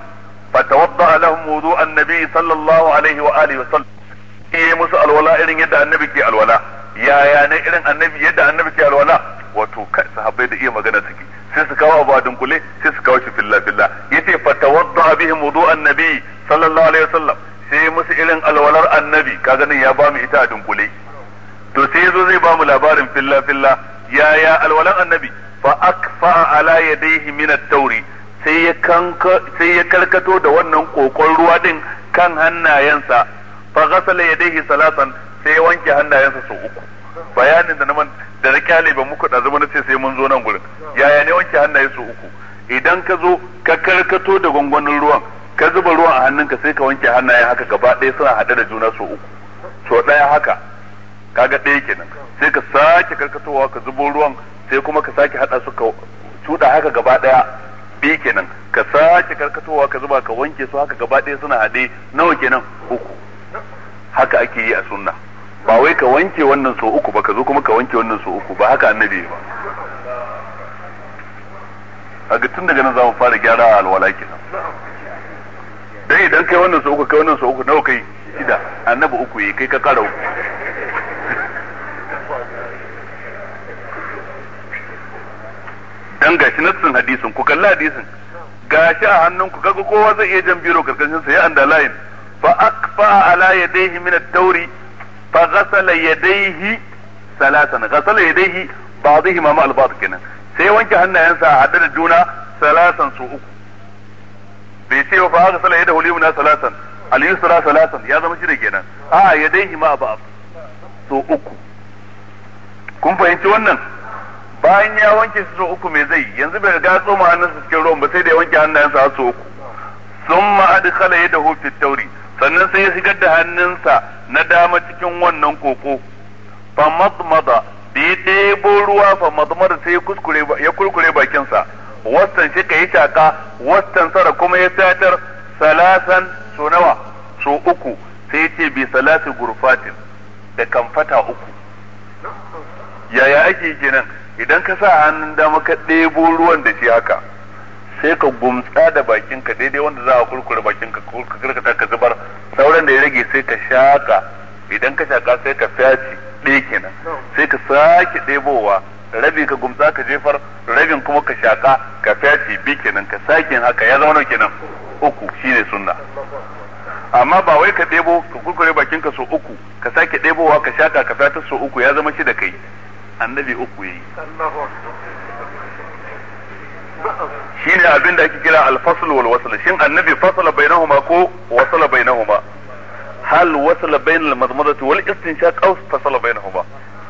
fa tawadda lahum wudu annabi sallallahu alaihi wa alihi wasallam yi musu alwala irin yadda annabi ke alwala yaya ne irin annabi yadda annabi ke alwala wato Kai sahabbai da iya magana suke sai su kawo abu a dunkule sai su kawo shi filla filla yace fa tawadda bihim wudu annabi sallallahu alaihi wa sallam. sai musu irin alwalar annabi ka ganin ya bamu ita a dunkule to sai yazo zai bamu labarin filla filla yaya alwalan annabi fa akfa ala yadayhi min at-tawri sai ya sai ya karkato da wannan kokon ruwa din kan hannayensa fa ghasala yadayhi salatan sai ya wanke hannayensa sau uku bayanin da na man da na kyale ba muku da zama nace sai mun zo nan gurin yaya ne wanke hannaye sau uku idan ka zo ka karkato da gwangwanin ruwan ka zuba ruwa a hannunka sai ka wanke hannaye haka gaba ɗaya suna haɗe da juna so uku so ɗaya haka kaga ɗaya kenan sai ka sake karkatowa ka zubo ruwan sai kuma ka sake haɗa su ka cuɗa haka gaba ɗaya bi kenan ka sake karkatowa ka zuba ka wanke su haka gaba ɗaya suna haɗe nawa kenan uku haka ake yi a sunna ba wai ka wanke wannan so uku ba ka zo kuma ka wanke wannan so uku ba haka annabi ba a tun daga nan za mu fara gyara alwala kenan dan idan kai wannan su uku kai wannan su uku nawa kai shida annabi uku yi kai ka kara uku dan gashi nassin hadisin ku kalli hadisin gashi a hannun ku kaga kowa zai iya jan biro karkashin sa ya anda layin fa akfa ala yadayhi min at-tawri fa ghasala yadayhi salasan ghasala yadayhi ba'dihima ma al-ba'd kenan sai wanke hannayensa a haɗe da juna salasan su uku bai ce wa fa'a sala yadahu na salatan al yusra salatan ya zama shida kenan a yadaihi ma ba so uku kun fahimci wannan bayan ya wanke su so uku me zai yanzu bai ga tsoma hannunsa cikin ruwan ba sai da ya wanke hannayensa so uku summa adkhala yadahu fi tawri sannan sai ya shigar da hannunsa na dama cikin wannan koko fa madmada da ya ɗebo ruwa fa madmada sai ya kuskure ya kurkure bakinsa wastan shi ya shaka wastan sara kuma ya tatar salasan so nawa so uku sai ya ce bi salasi gurfatin da kamfata uku yaya ake kenan idan ka sa hannun dama ka ɗebo ruwan da shi haka sai ka gumtsa da bakinka daidai wanda za a kurkure bakinka ka karkata ka zubar sauran da ya rage sai ka shaka idan ka shaka sai ka fyaci ɗaya kenan sai ka sake ɗebowa rabi ka gumtsa ka jefar rabin kuma ka shaka ka fyace bi kenan ka sake haka ya zama nan uku shine sunna amma ba wai ka ɗebo ka kurkure bakin ka so uku ka sake debowa ka shaka ka fyatar so uku ya zama shi da kai annabi uku yayi shine abin da ake kira al-fasl wal wasl shin annabi fasala bainahuma ko wasala bainahuma hal wasala bainal madmadati wal istinshaq aw fasala bainahuma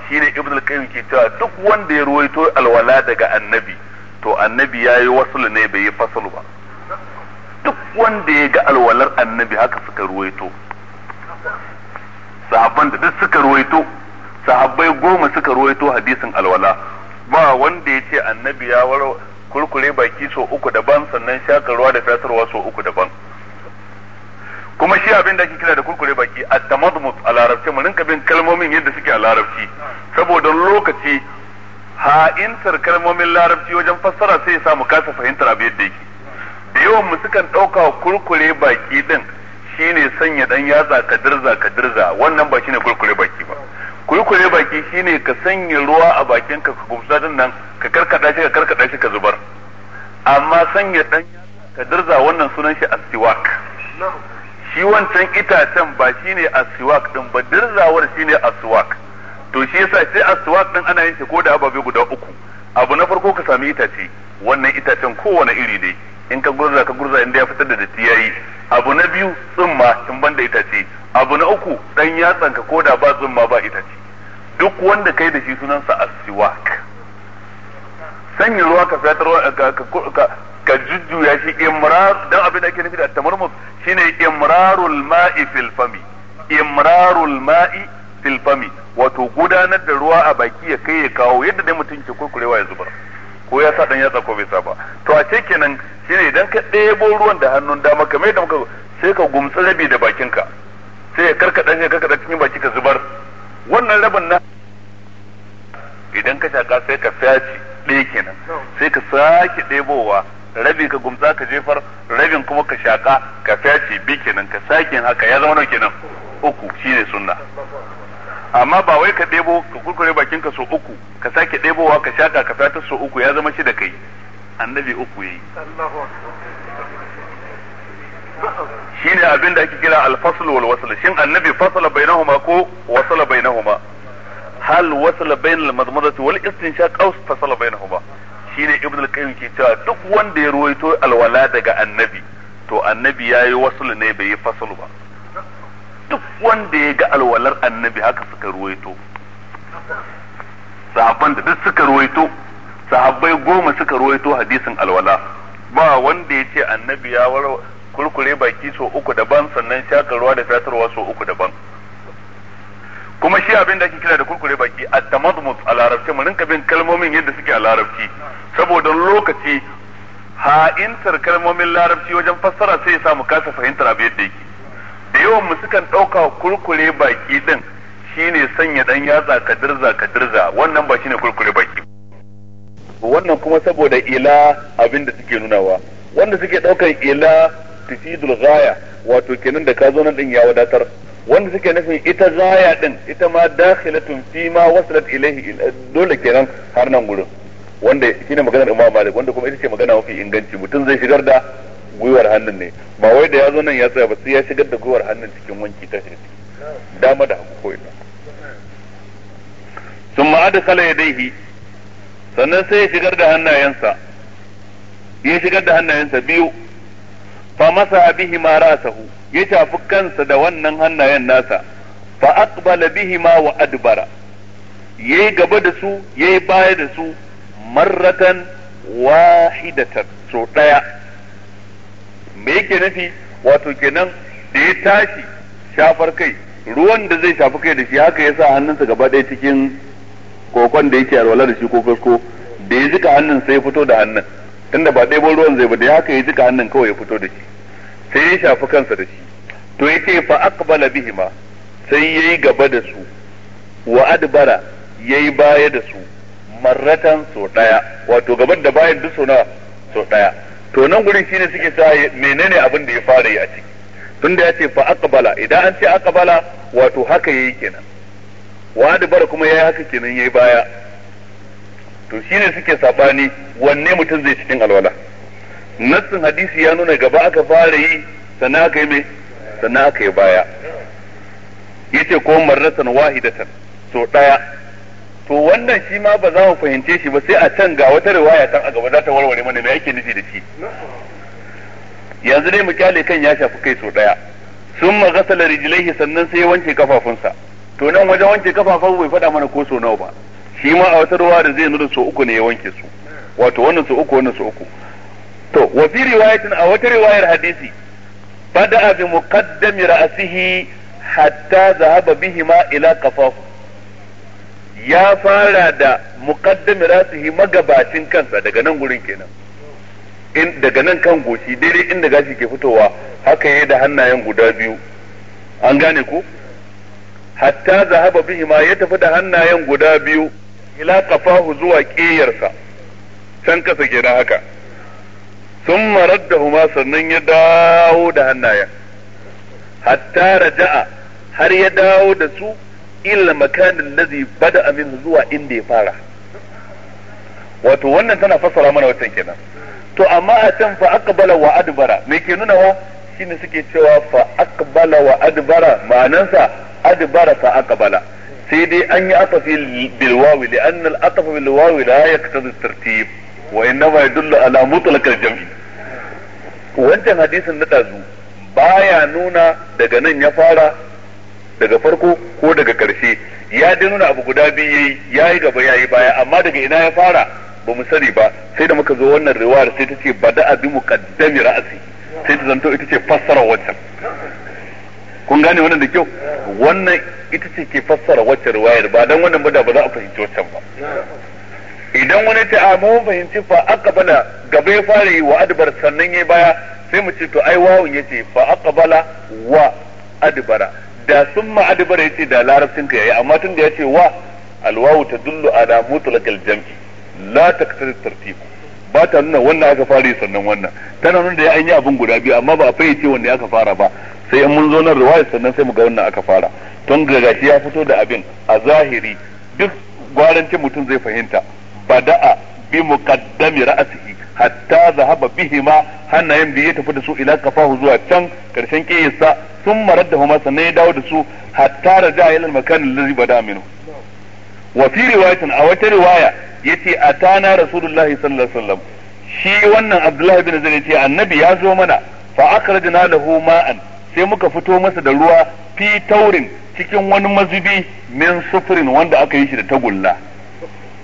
shine ibn al-qayyim ke cewa duk wanda ya ruwaito alwala daga annabi to annabi yayi wasul ne bai yi fasalu ba duk wanda ya ga alwalar annabi haka suka ruwaito sahabban da suka ruwaito sahabbai goma suka ruwaito hadisin alwala ba wanda ya ce annabi ya warwa kurkure baki so uku daban sannan shakarwa da fasarwa so uku daban kuma shi abin da ake kira da kurkure baki a tamadmut a larabci mu rinka bin kalmomin yadda suke a larabci saboda lokaci ha'intar kalmomin larabci wajen fassara sai ya samu kasa fahimtar abin yadda yake da yawan mu sukan ɗauka kurkure baki din shine sanya dan yatsa ka dirza ka dirza wannan ba shine kurkure baki ba kurkure baki shine ka sanya ruwa a bakin ka gumsa din nan ka karkada shi ka karkada shi ka zubar amma sanya dan ka dirza wannan sunan shi astiwak shi wancan itacen ba shi ne a siwak ɗin ba dirzawar a aswak to shi yasa sai a siwak ɗin ana yin shi ko da ababe guda uku abu na farko ka sami itace wannan itacen kowane iri dai in ka gurza ka gurza inda ya fitar da datti yayi abu na biyu tsumma in banda itace abu na uku ɗan yatsan ka da ba tsumma ba itace duk wanda kai da shi sunansa as-siwak sanya ruwa ka fitar ka ka jujjuya shi imrar dan abin da ake nufi da tamarmus shine imrarul ma'i fil fami imrarul ma'i fil fami wato gudanar da ruwa a baki ya kai ya kawo yadda dai mutum ke kurkurewa ya zubar ko ya sa dan yatsa ko bai saba to a ce kenan shine idan ka ɗebo ruwan da hannun dama kamar yadda muka sai ka gumtsi rabi da bakinka sai ya karkada sai karkada cikin baki ka zubar wannan rabin na idan ka shaka sai ka fyaci ɗaya kenan sai ka sake ɗebowa rabi ka gumtsa ka jefar rabin kuma ka shaka ka fyace bi kenan ka sake haka ya zama nawa kenan uku shine sunna amma ba wai ka ɗebo ka kurkure bakin ka so uku ka sake ɗebowa ka shaka ka fyatar so uku ya zama shi da kai annabi uku yayi shine abin da ake kira al-fasl wal wasl shin annabi fasala bainahuma ko wasala bainahuma hal wasala al madmadati wal istinshaq aw fasala bainahuma shine ibn al-qayyim ke cewa duk wanda ya ruwaito alwala daga annabi to annabi yayi wasul ne bai yi fasalu ba duk wanda ya ga alwalar annabi haka suka ruwaito sahabban da duk suka ruwaito sahabbai goma suka ruwaito hadisin alwala ba wanda ya ce annabi ya warwa kurkure baki so uku daban sannan shakarwa da fatarwa so uku daban kuma shi abin da ake kira da kurkure baki a tamadmus a larabci mu rinka bin kalmomin yadda suke a larabci saboda lokaci ha'intar kalmomin larabci wajen fassara sai ya samu kasa fahimtar abin yadda yake da yawan mu sukan ɗauka kurkure baki din shine sanya dan yatsa ka dirza ka dirza wannan ba shine kurkure baki wannan kuma saboda ila abin da suke nunawa wanda suke ɗaukan ila tufidul ghaya wato kenan da ka zo nan din ya wadatar wanda suke nufin ita zaya din ita ma dakhilatun fi ma wasalat ilaihi dole kenan har nan gurin wanda shine maganar Imam Malik wanda kuma ita ce magana mafi inganci mutum zai shigar da gwiwar hannun ne ba wai da ya zo nan ya tsaya ba sai ya shigar da gwiwar hannun cikin wanki ta shi dama da hagu ko ina sun ma'ada kala ya sannan sai ya shigar da hannayensa ya shigar da hannayensa biyu fa masa bihi ma rasahu ya tafi kansa da wannan hannayen nasa fa aqbala bihi ma wa adbara yayi gaba da su yayi baya da su marratan wahidatan so daya me yake nufi wato kenan da ya tashi shafar kai ruwan da zai shafi kai da shi haka ya sa hannunsa gaba ɗaya cikin kokon da yake alwala da shi ko fasko da ya jika hannun sai ya fito da hannun tunda ba ɗebo ruwan zai ba da ya haka ya jika hannun kawai ya fito da shi sai ya shafi kansa da shi to ya ce fa aqbala bihima sai yayi gaba da su wa adbara yayi baya da su marratan so daya wato gaban da bayan duk suna so daya to nan gurin shine suke sa menene abin da ya fara yi a ciki tunda ce fa aqbala idan an ce aqbala wato haka yayi kenan wa adbara kuma yayi haka kenan yayi baya to shi ne suke sabani wanne mutum zai cikin alwala nassin hadisi ya nuna gaba aka fara yi sannan aka yi mai sannan aka yi baya Ya ce, ko marnatan wahidatan so daya to wannan shi ma ba za mu fahimce shi ba sai a can ga wata riwaya ta a gaba za ta warware mana me yake nufi da shi yanzu dai mu kyale kan ya shafi kai so daya sun magasala rijilai sannan sai wanke kafafunsa to nan wajen wanke kafafun bai faɗa mana ko so nawa ba shi ma a wata ruwa da zai nuna so uku ne ya wanke su wato wannan so uku wannan so uku to wa fi riwayatin a wata riwayar hadisi bada bi muqaddami ra'sihi hatta zahaba bihi ma ila qafafu ya fara da muqaddami ra'sihi magabacin kansa daga nan gurin kenan in daga nan kan goshi daidai inda gashi ke fitowa haka yayi da hannayen guda biyu an gane ko hatta zahaba bihi ma ya tafi da hannayen guda biyu ila kafahu zuwa ƙeyarsa can kasa kenan haka sun marar da huma sannan ya dawo da hannayen hatta raja'a har ya dawo da su illa makanin lazi bada amin zuwa inda ya fara wato wannan tana fassara mana wancan kenan to amma a can fa aqbala wa adbara me ke nuna wa shine suke cewa fa aqbala wa adbara ma'anansa adbara fa aqbala sai dai an yi atafi bilwawi da an anna atafi bilwawi da ya la da tartib wa innama yadullu ala mutlaq jam'i wancan hadisin na dazu baya nuna daga nan ya fara daga farko ko daga karshe ya dai nuna abu guda biyu yayi yayi gaba yayi baya amma daga ina ya fara ba mu sani ba sai da muka zo wannan riwayar sai ta ce bada mu muqaddami ra'si sai ta zanto ita ce fassara wancan kun gane wannan da kyau wannan ita ce ke fassara wacce riwayar ba dan wannan ba da ba za a fahimci waccan ba idan wani ta a mun fahimci fa aqbala gaba ya fara yi wa adbar sannan ya baya sai mu ce to ai wawun yace fa aqbala wa adbara da summa adbara yace da larabcin ka yayi amma tun da yace wa alwawu tadullu ala mutlaqal jam'i la taqtadi tartibu ba ta nuna wannan aka fara sannan wannan tana nuna da ya yi abin guda biyu amma ba a fayyace wanda aka fara ba sai in mun zo nan riwaya sannan sai mu ga wannan aka fara don gashi ya fito da abin a zahiri duk gwarancin mutum zai fahimta bada'a bi muqaddami ra'sihi hatta zahaba bihima hannayen biye tafi da su ila kafahu zuwa can karshen kiyasa sun marar da huma sannan ya dawo da su hatta raja'a ila makanin makan allazi minhu wa fi riwayatin a wata riwaya yace atana rasulullahi sallallahu alaihi wasallam shi wannan abdullahi bin zaid yace annabi ya zo mana fa akhrajna lahu ma'an sai muka fito masa da ruwa fi taurin cikin wani mazubi min sufurin wanda aka yi shi da tagulla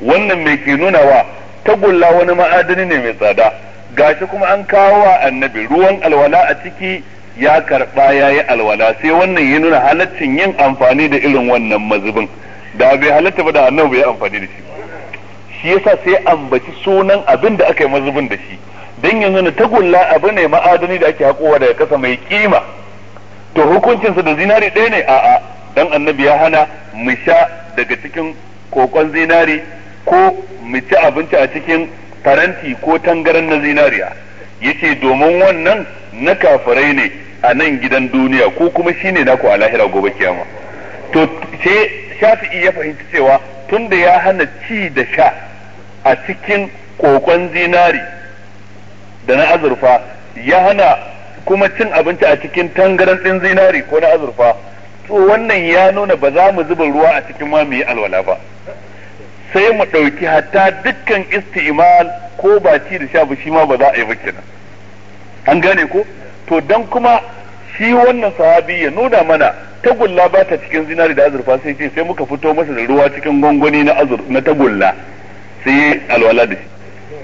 wannan mai ke nuna wa tagulla wani ma'adani ne mai tsada gashi kuma an kawo wa annabi ruwan alwala a ciki ya karba yayi alwala sai wannan ya nuna halaccin yin amfani da irin wannan mazubin da bai halatta ba da annabi bai amfani da shi shi yasa sai ambaci sunan abin da aka yi mazubin da shi dan yanzu na tagulla abu ne ma'adani da ake hakowa daga kasa mai kima to hukuncinsa da zinari ɗaya ne a'a dan annabi ya hana mu sha daga cikin kokon zinari ko mu ci abinci a cikin faranti ko tangaran na zinariya yace domin wannan na kafirai ne a nan gidan duniya ko kuma shine naku a lahira gobe kiyama to sai shafi'i ya fahimci cewa tunda ya hana ci da sha a cikin kokon zinari da na azurfa ya hana kuma cin abinci a cikin tangaran din zinari ko na azurfa to wannan ya nuna ba za mu zuba ruwa a cikin ma mu yi alwala ba sai mu ɗauki hatta dukkan isti'mal ko ba ci da sha ba shi ma ba za a yi ba kenan an gane ko to dan kuma shi wannan sahabi ya nuna mana tagulla ba ta cikin zinari da azurfa sai ce sai muka fito masa da ruwa cikin gwangwani na azur na tagulla sai alwala da shi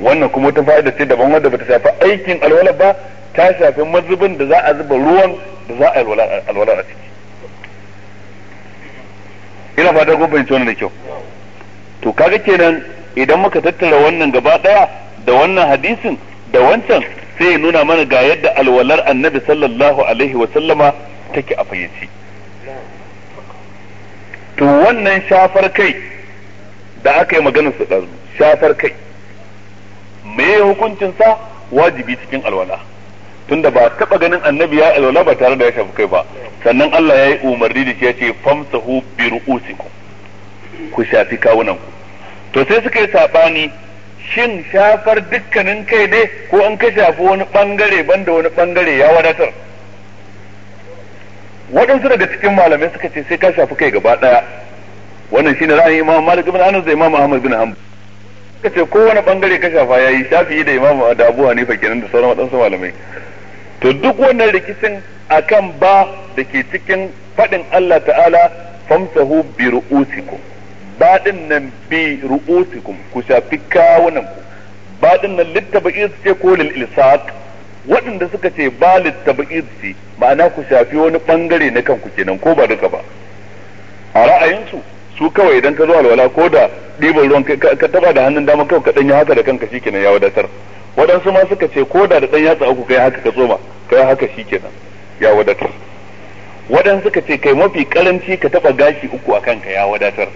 wannan kuma ta fa'ida ce daban wanda bata shafi aikin alwala ba ta shafi mazubin da za a zuba ruwan da za a alwala a ciki ina fata ko fahimci wannan da kyau to kaga kenan idan muka tattara wannan gaba daya da wannan hadisin da wancan sai nuna mana ga yadda alwalar annabi sallallahu alaihi wa take a fayyace to wannan shafar kai da aka yi maganar su ɗazu shafar kai me hukuncin sa wajibi cikin alwala tunda ba taba ganin annabi ya alwala ba tare da ya shafi kai ba sannan Allah ya yi umarni da shi ya ce famsahu bi ru'usikum ku shafi kawunan to sai suka yi sabani shin shafar dukkanin kai ne ko an ka shafi wani bangare banda wani bangare ya wadatar waɗansu daga cikin malamai suka ce sai ka shafi kai gaba ɗaya wannan shine ra'ayin imam malik ibn anas da imam ahmad bin hanbal suka ce ko wani bangare ka shafa yayi shafi da imam da abu hanifa kenan da sauran waɗansu malamai to duk wannan rikicin akan ba da ke cikin faɗin Allah ta'ala famsahu bi ru'usikum baɗin nan bi ru'utikum ku shafi kawunan ku baɗin nan littaba'iz ce ko lil ilsaq waɗanda suka ce ba littaba'iz ce ma'ana ku shafi wani bangare na kanku kenan ko ba duka ba a ra'ayinsu su kawai idan ka zo alwala ko da ɗiban ruwan ka taba da hannun dama kawai ka ɗanyi haka da kanka shikenan ya wadatar waɗansu ma suka ce ko da da ɗan yatsa uku kai haka ka tsoma kai haka shikenan ya wadatar waɗansu suka ce kai mafi karanci ka taba gashi uku a kanka ya wadatar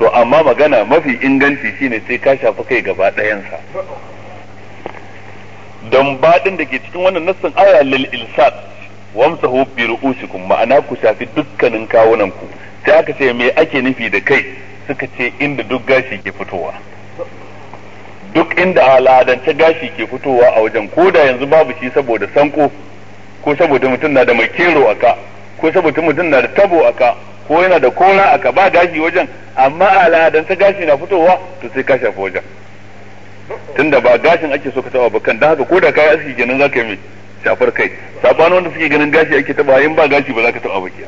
to amma magana mafi inganci shine sai ka shafi kai gaba ɗayansa don baɗin da ke cikin wannan nassin aya lil ilsad wamsahu bi ru'usikum ma'ana ku shafi dukkanin kawunan ku sai aka ce me ake nufi da kai suka ce inda duk gashi ke fitowa duk inda al'adance gashi ke fitowa a wajen ko da yanzu babu shi saboda sanko ko saboda mutum na da mai kero a ka ko saboda mutum na da tabo aka ko yana da kora aka ba gashi wajen amma al'adan ta gashi na fitowa to sai ka shafa wajen tunda ba gashin ake so ka taba bakan dan haka ko da kai asiri kenan zaka yi shafar kai sabanin wanda suke ganin gashi ake taba in ba gashi ba zaka taba baki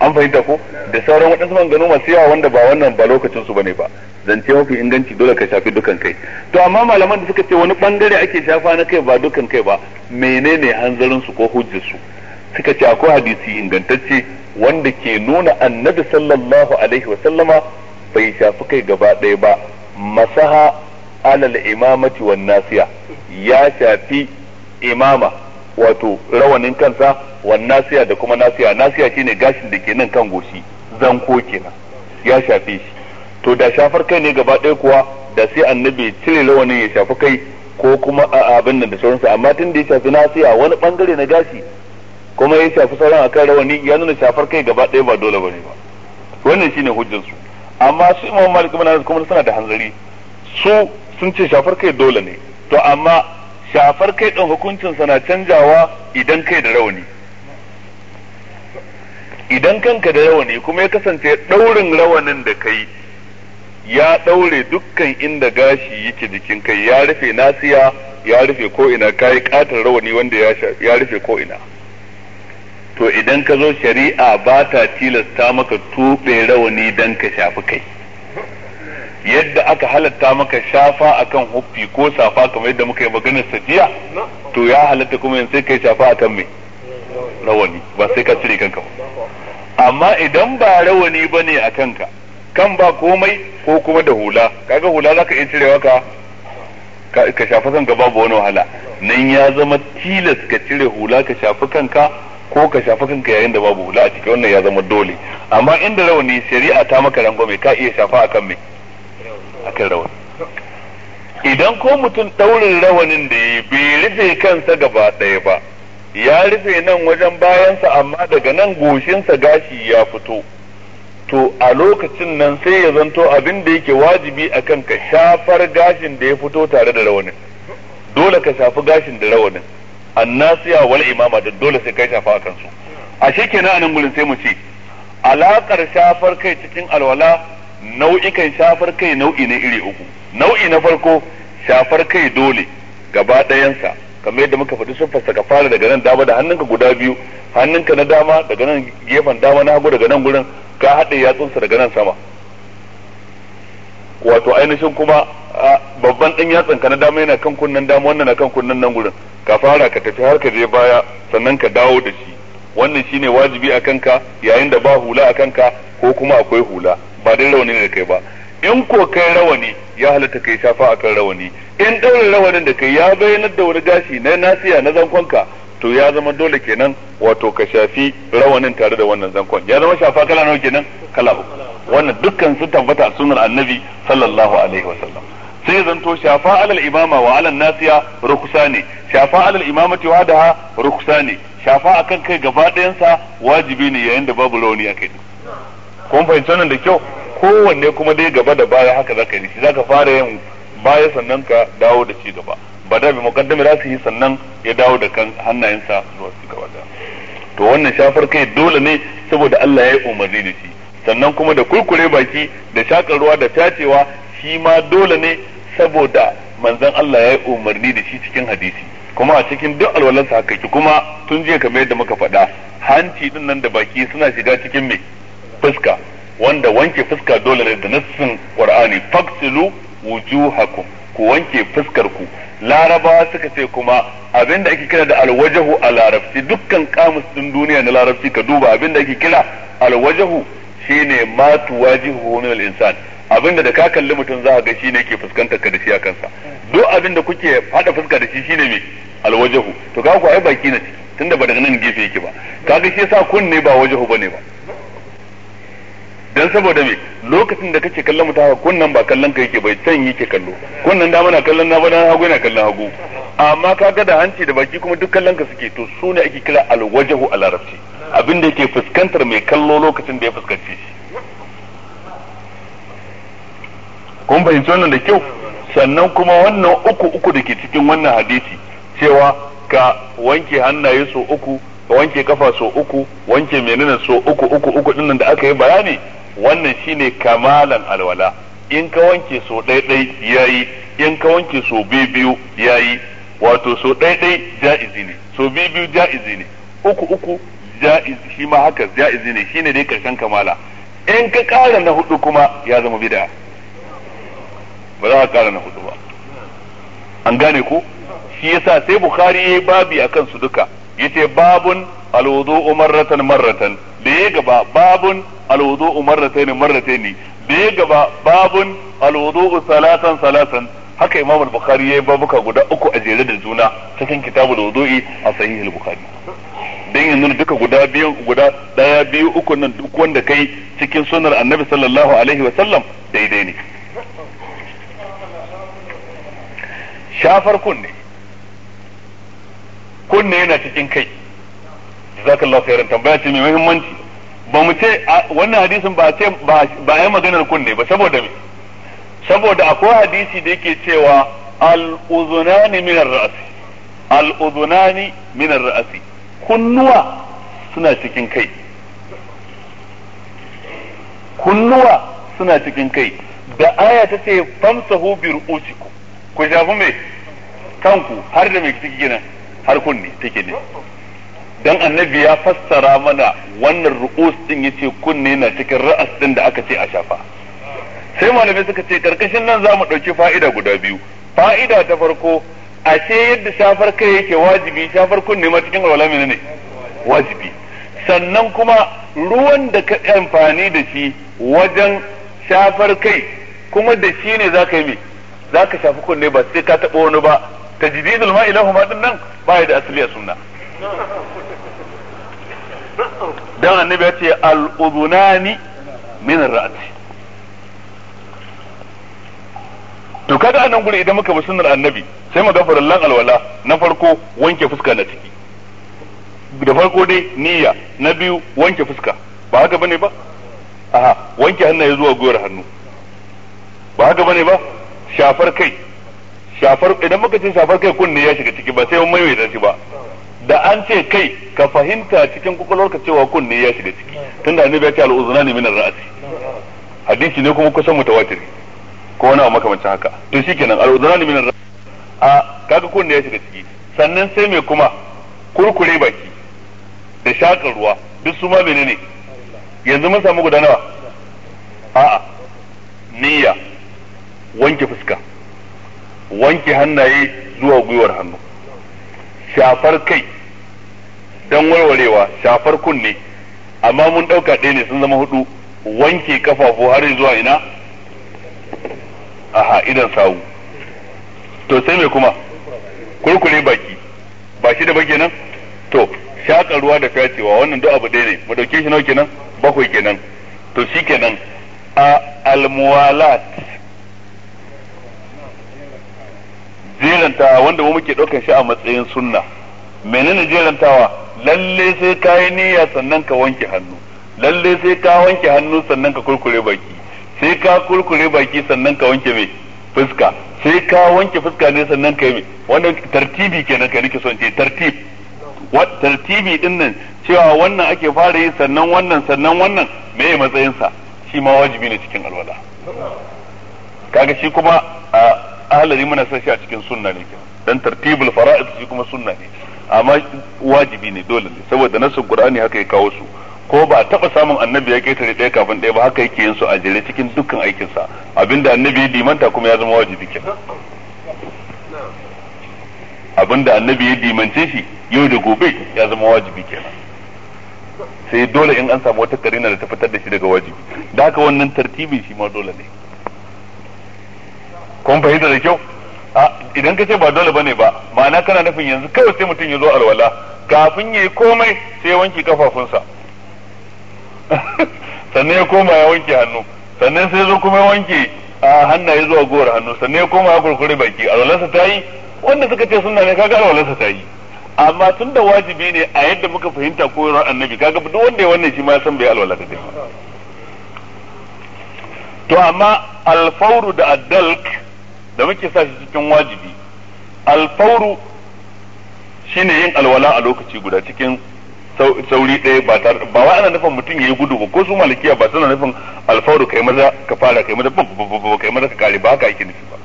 an fahimta ko da sauran waɗansu gano masu yawa wanda ba wannan ba lokacin su bane ba zance mafi inganci dole ka shafi dukan kai to amma malaman da suka ce wani bangare ake shafa na kai ba dukan kai ba menene hanzarin su ko hujjar su suka ce akwai hadisi ingantacce wanda ke nuna annabi sallallahu alaihi wa sallama bai shafi kai gaba ɗaya ba masaha alal imamati wan nasiya ya shafi imama wato rawanin kansa wan nasiya da kuma nasiya nasiya shine gashin da ke nan kan goshi zanko kenan ya shafe shi to da shafar kai ne gaba ɗaya kuwa da sai annabi cire rawanin ya shafi kai ko kuma abin da sauransu amma tun da ya shafi nasiya wani bangare na gashi kuma ya shafi sauran akan rawani ya nuna shafar kai gaba ɗaya ba dole bane ba wannan shine hujjar su amma su imam malik ibn anas kuma suna da hanzari su sun ce shafar kai dole ne to amma shafar kai ɗin hukuncin sa na canjawa idan kai da rawani idan kanka da rawani kuma ya kasance ɗaurin rawanin da kai ya ɗaure dukkan inda gashi yake jikin kai ya rufe nasiya ya rufe ko ina kai katar rawani wanda ya rufe ko ina to idan ka zo shari'a ba ta tilasta maka tuɓe rawani dan ka shafi kai yadda aka halatta maka shafa akan huffi ko safa kamar yadda muka yi magana sajiya to ya halatta kuma yanzu sai kai shafa akan mai rawani ba sai ka cire kanka ba amma idan ba rawani ba ne a kanka kan ba komai ko kuma da hula kaga hula zaka iya cirewa ka ka shafa kanka babu wani wahala nan ya zama tilas ka cire hula ka shafi kanka ko ka shafa kanka yayin da babu hula a ciki wannan ya zama dole amma inda rawani shari'a ta maka rangwame ka iya shafa akan me akan rawani idan ko mutum daurin rawanin da ya bai rufe kansa gaba ɗaya ba ya rufe nan wajen bayansa amma daga nan goshinsa gashi ya fito to a lokacin nan sai ya zanto abin da yake wajibi a kanka shafar gashin da ya fito tare da rawanin dole ka shafi gashin da rawanin annasiya wal imama da dole sai kai shafa akan su ashe kenan anan gurin sai mu ce alakar shafar kai cikin alwala nau'ikan shafar kai nau'i ne iri uku nau'i na farko shafar kai dole gaba ɗayansa kamar yadda muka faɗi sun ka fara daga nan dama da hannunka guda biyu hannunka na dama daga nan gefen dama na hagu daga nan gurin ka haɗe yatsunsa daga nan sama wato ainihin kuma babban ɗan yatsanka na dama yana kan kunnen dama wannan na kan kunnen nan gurin ka fara ka tafi har ka je baya sannan ka dawo da shi wannan shine wajibi a kanka yayin da ba hula a kanka ko kuma akwai hula ba dai rawani ne da kai ba in ko kai rawani ya halatta kai shafa akan rawani in ɗaurin rawanin da kai ya bayyanar da wani gashi na nasiya na zankonka to ya zama dole kenan wato ka shafi rawanin tare da wannan zankon ya zama shafa kala nawa kenan kala uku wannan dukkan su tabbata sunan annabi sallallahu alaihi wasallam sai zanto shafa alal imama wa alal nasiya rukusa ne shafa alal imamati wa daha rukusa ne shafa kan kai gaba ɗayansa wajibi ne yayin da babu rauni ya kai kun fahimci nan da kyau kowanne kuma dai gaba da baya haka za ka yi ka fara yin baya sannan ka dawo da ci gaba ba da bi su yi sannan ya dawo da kan hannayensa zuwa ci gaba da to wannan shafar kai dole ne saboda Allah ya yi umarni da shi sannan kuma da kurkure baki da shakar ruwa da tacewa shi ma dole ne saboda manzon Allah ya yi umarni da shi cikin hadisi kuma a cikin duk alwalansa haka ki kuma tun jiya kamar yadda muka faɗa hanci din nan da baki suna shiga cikin me fuska wanda wanke fuska dole ne da nassin qur'ani faksilu wujuhakum ku wanke fuskar ku laraba suka ce kuma abinda ake kira da alwajahu a larabci dukkan kamus din duniya na larabci ka duba abin da ake kira alwajahu shine ma tuwajihu min al-insan abinda da ka kalli mutum za a ga shine ke fuskantar ka da shi a kansa duk abinda kuke hada fuska da shi shine me alwajahu to ka ku ai baki na ciki tunda ba daga nan gefe yake ba kaga shi yasa kunne ba wajahu bane ba dan saboda me lokacin da kake kallon mutum kunnan ba kallon ka yake bai can yake kallo kunnan da mana kallon na bana hagu yana kallon hagu amma ga da hanci da baki kuma duk kallon ka suke to sune ne ake kira alwajahu a larabci da yake fuskantar mai kallo lokacin da ya fuskanci shi kun fahimci wannan da kyau sannan kuma wannan uku uku da ke cikin wannan hadisi cewa ka wanke hannaye so uku ka wanke kafa so uku wanke menene so uku uku uku dinnan da aka yi bayani wannan shine kamalan alwala in ka wanke so ɗaiɗai yayi in ka wanke so biyu biyu yayi wato so ɗaiɗai ja'izi ne so biyu biyu ja'izi ne uku uku ja'izi shi ma haka ja'izi ne shine dai karshen kamala in ka ƙara na hudu kuma ya zama bid'a ba za a kara na hudu ba an gane ko shi yasa sai bukhari yayi babi akan su duka yace babun alwudu marratan marratan da ya gaba babun alwudu marratayn marratayn da ya gaba babun alwudu salatan salatan haka imam al-bukhari yayi babuka guda uku a jere da juna cikin kitabul wudu'i a sahih al-bukhari dan yanzu duka guda biyu guda daya biyu uku nan duk wanda kai cikin sunnar annabi sallallahu alaihi wa sallam daidai ne shafar kunne kunne yana cikin kai jazakallahu khairan tambaya ce mai muhimmanci ba mu ce wannan hadisin ba ce ba ya maganar kunne ba saboda me saboda akwai hadisi da yake cewa al-uzunani min ar-ra'si al-uzunani min ar-ra'si kunnuwa suna cikin kai kunnuwa suna cikin kai da aya ta ce famsahu bi ru'usikum ku shafi mai kanku har da mai gina har kunni take ne dan annabi ya fassara mana wannan ru'us din yace kunne na cikin ra'as din da aka ce a shafa sai malamai suka ce karkashin nan za mu ɗauki fa'ida guda biyu fa'ida ta farko ashe yadda shafar kai yake wajibi shafar kunne ma cikin alwala ne wajibi sannan kuma ruwan da ka amfani da shi wajen shafar kai kuma da shi ne za ka yi mai za ka shafi kunne ba sai ka taɓa wani ba ta jididul ma ilahu ma din nan ba ya da asali a sunna dan annabi ya ce al-udunani min ar-ra'si to kaga anan gure idan muka bi sunnar annabi sai mu gafara lan alwala na farko wanke fuska na ciki da farko dai niyya na biyu wanke fuska ba haka bane ba aha wanke hannaye zuwa gwiwar hannu ba haka bane ba shafar kai shafar idan muka ce shafar kai kunne ya shiga ciki ba sai mun maimaita shi ba da an ce kai ka fahimta cikin kwakwalwarka cewa kunne ya shiga ciki tunda annabi ya ce al'uzunani min ra'asi hadisi ne kuma kusan mutawatir ko wani abu makamancin haka to shikenan al'uzunani min ra'asi a kaga kunne ya shiga ciki sannan sai me kuma kurkure baki da shakar ruwa duk su ma menene yanzu mun samu guda nawa a'a niyya wanke fuska wanke hannaye zuwa gwiwar hannu shafar kai don warwarewa shafar kunne amma mun ɗauka ɗaya ne sun zama hudu wanke kafafu har zuwa ina aha idan sawu to sai mai kuma kurkure baki ba shi da ba kenan to shaƙa ruwa da fyacewa wannan duk abu ɗaya ne mu ɗauke shi nawa kenan bakwai kenan to shi kenan a almuwalat jerantawa wanda mu muke ɗaukar shi a matsayin sunna menene jerantawa lalle sai ka yi niyya sannan ka wanke hannu lalle sai ka wanke hannu sannan ka kurkure baki sai ka kurkure baki sannan ka wanke mai fuska sai ka wanke fuska ne sannan ka yi wannan tartibi kenan ka nake son ce tartib tartibi din nan cewa wannan ake fara yi sannan wannan sannan wannan me matsayinsa shi ma wajibi ne cikin alwala kaga shi kuma a ahalari muna sa shi a cikin sunna ne kenan dan tartibul fara'id shi kuma sunna ne amma wajibi ne dole ne saboda nasu qur'ani haka ya kawo su ko ba taba samun annabi ya kaita daya kafin daya ba haka yake yin su a jere cikin dukkan aikinsa abinda annabi ya dimanta kuma ya zama wajibi kenan abinda annabi ya dimance shi yau da gobe ya zama wajibi kenan sai dole in an samu wata karina da ta fitar da shi daga wajibi da haka wannan tartibin shi ma dole ne kun fahimta da kyau a idan ka ce ba dole bane ba ma'ana kana nufin yanzu kawai sai mutum ya zo alwala kafin ya yi komai sai ya wanke kafafunsa *laughs* sannan ya koma ya wanke hannu sannan sai ya zo kuma ya wanke a hannaye zuwa gowar hannu sannan ya koma ya kurkure baki alwalarsa ta yi wanda suka ce suna ne kaga alwalarsa ta yi amma tun da wajibi ne a yadda muka fahimta koyarwar annabi kaga duk wanda ya wannan shi ma san bai alwala kaje to amma alfauru da addalk da muke sa shi cikin wajibi alfauru shine yin alwala a lokaci guda cikin sauri ɗaya ba tare ba wa ana nufin mutum yayi gudu ba ko su malikiya ba suna nufin alfauru kai maza ka fara kai maza kai maza ka kare ba haka ake nufi ba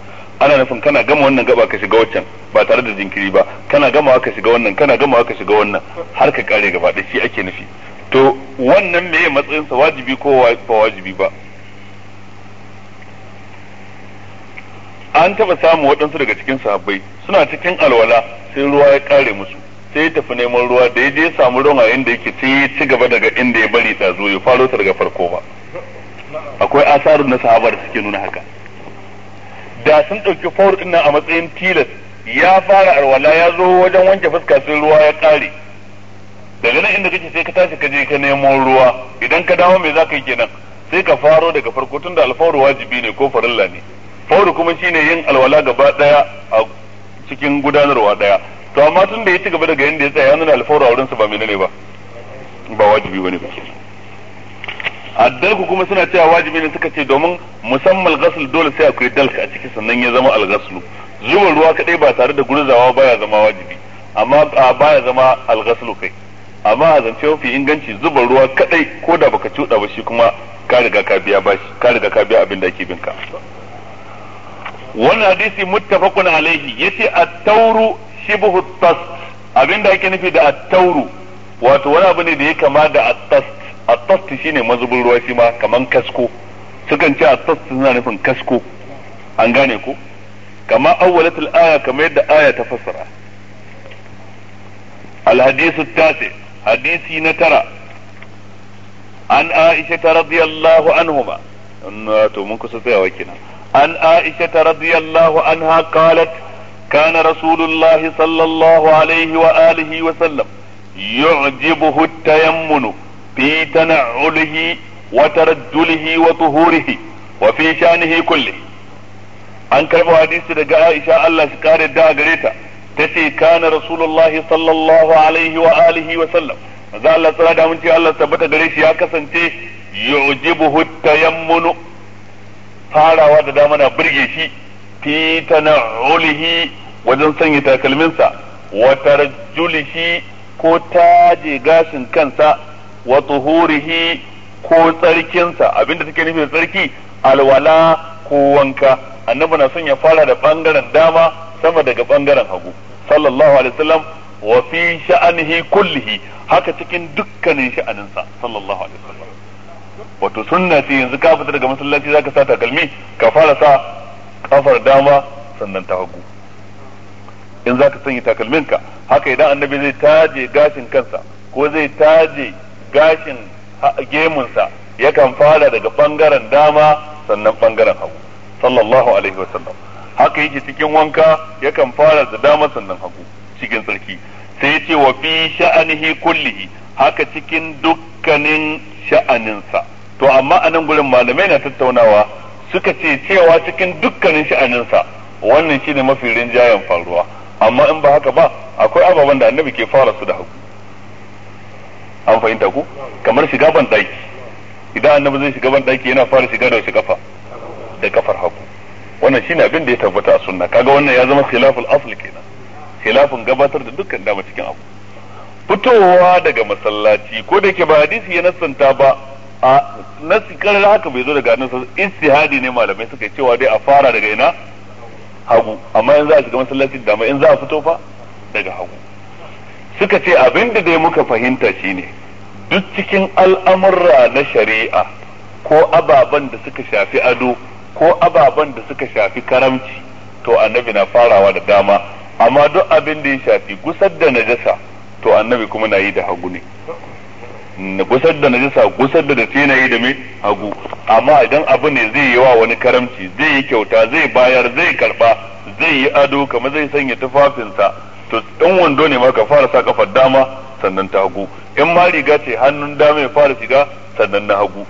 ana nufin kana gama wannan gaba ka shiga waccan ba tare da jinkiri ba kana gama ka shiga wannan kana gama ka shiga wannan har ka kare gaba da shi ake nufi to wannan meye matsayin sa wajibi ko ba wajibi ba an taba samun waɗansu daga cikin sahabbai suna cikin alwala sai ruwa ya kare musu sai ya tafi neman ruwa da ya je samu ruwan a inda yake sai ya ci gaba daga inda ya bari ɗazu ya faro ta daga farko ba akwai asarun na sahaba da suke nuna haka da sun ɗauki faur ɗin a matsayin tilas ya fara alwala ya zo wajen wanke fuska sai ruwa ya ƙare daga nan inda kake sai ka tashi ka je ka neman ruwa idan ka dawo me za ka yi kenan sai ka faro daga farko tunda alfawar wajibi ne ko farilla ne fauru kuma shine yin alwala gaba daya a cikin gudanarwa daya to amma tun da ya ci gaba daga yanda ya tsaya ya nuna alfawar wurin wurinsa ba menene ba ba wajibi bane ba addalku kuma suna cewa wajibi ne suka ce domin musamman ghasl dole sai akwai dalka a ciki sannan ya zama alghaslu zuwan ruwa kadai ba tare da gurzawa baya zama wajibi amma baya zama alghaslu kai amma a zance mafi inganci zuba ruwa kadai ko da baka cuɗa ba shi kuma ka riga ka biya bashi ka riga ka biya abin da ake bin ka wannan hadisi muttafaqun alaihi yace at-tauru shibhu at-tas abinda yake nufi da at-tauru wato wani abu ne da ya kama da at-tas at-tas shine mazubin ruwa shi ma kaman kasko sukan ce at-tas suna nufin kasko an gane ko kama awwalatul aya kamar yadda aya ta fassara الحديث التاسع حديث نترى عن عائشة رضي الله عنهما to mun kusa tsayawa kenan عن عائشة رضي الله عنها قالت كان رسول الله صلى الله عليه وآله وسلم يعجبه التيمن في تنعله وترجله وطهوره وفي شأنه كله an karɓi hadisi daga Aisha Allah shi kare da gare ta tace kana rasulullahi sallallahu alaihi wa alihi wa sallam za Allah tsara da mun ce Allah tabbata gare shi ya kasance yujibuhu tayammunu farawa da dama na birge shi fi tana'ulihi wajen sanya takalminsa wata tarjulihi ko taje gashin kansa wa tuhurihi ko tsarkinsa abinda take nufi tsarki alwala ko wanka annabi na son ya fara da bangaren dama sama daga bangaren hagu sallallahu alaihi wasallam wa fi sha'anihi kullihi haka cikin dukkanin sha'aninsa sallallahu alaihi wasallam wato sunna ce yanzu ka fita daga masallaci zaka sa takalmi ka fara sa kafar dama sannan ta hagu in zaka sanya takalmin ka haka idan annabi zai taje gashin kansa ko zai taje gashin gemunsa yakan fara daga bangaren dama sannan bangaren hagu sallallahu alaihi wasallam haka yake cikin wanka yakan fara da dama sannan hagu cikin tsarki sai ya ce wa fi sha'anihi kullihi haka cikin dukkanin sha'aninsa to amma a nan gurin malamai na tattaunawa suka ce cewa cikin dukkanin sha'aninsa wannan ne mafi rinjayen faruwa amma in ba haka ba akwai ababen da annabi ke fara su da hagu an fahimta ku kamar shiga ban daki idan annabi zai shiga ban daki yana fara shiga da wasu kafa da kafar hagu wannan ne abin da ya tabbata a sunna kaga wannan ya zama khilaful asl kenan khilafin gabatar da dukkan dama cikin abu fitowa daga masallaci ko da ke ba hadisi ya nasanta ba a nasi karar haka bai zo daga annabi istihadi ne malamai suka cewa dai a fara daga ina hagu amma in za a shiga masallaci da in za a fito fa daga hagu suka ce abin da dai muka fahimta shine duk cikin al'amurra na shari'a ko ababen da suka shafi ado ko ababen da suka shafi karamci to annabi na farawa da dama amma duk abin da ya shafi gusar da najasa to annabi kuma na yi da hagu ne na gusar da najisa gusar da dace na yi da mai hagu amma idan abu ne zai yi wa wani karamci zai yi kyauta zai bayar zai karba zai yi ado kama zai sanya tufafinsa to in wando ne ma ka fara sa kafar dama sannan ta hagu in ma riga ce hannun dama ya fara shiga sannan na hagu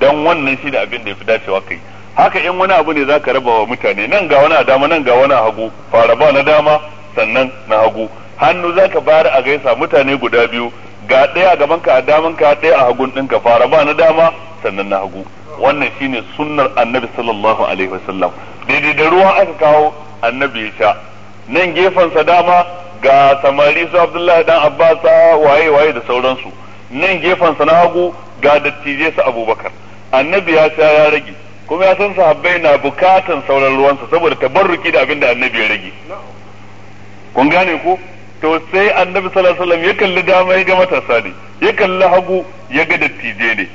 dan wannan shi da abin da ya fi dacewa kai haka in wani abu ne za ka raba wa mutane nan ga wani a dama nan ga wani a hagu fara ba na dama sannan na hagu hannu za ka bayar a gaisa mutane guda biyu ga ɗaya a gaban ka a daman ka ɗaya a hagun ɗinka fara ba na dama sannan na hagu wannan shine sunnar annabi sallallahu alaihi wasallam daidai da ruwan aka kawo annabi ya sha nan sa dama ga samari su abdullahi dan abbas waye waye da sauransu nan gefensa na hagu ga dattijai su abubakar annabi ya sha ya rage kuma ya san sahabbai na bukatan sauran ruwansa saboda tabarruki da abin da annabi ya rage kun gane ko to sai annabi sallallahu alaihi wasallam ya kalli dama ya ga matasa ne ya kalli hagu ya ga dattije ne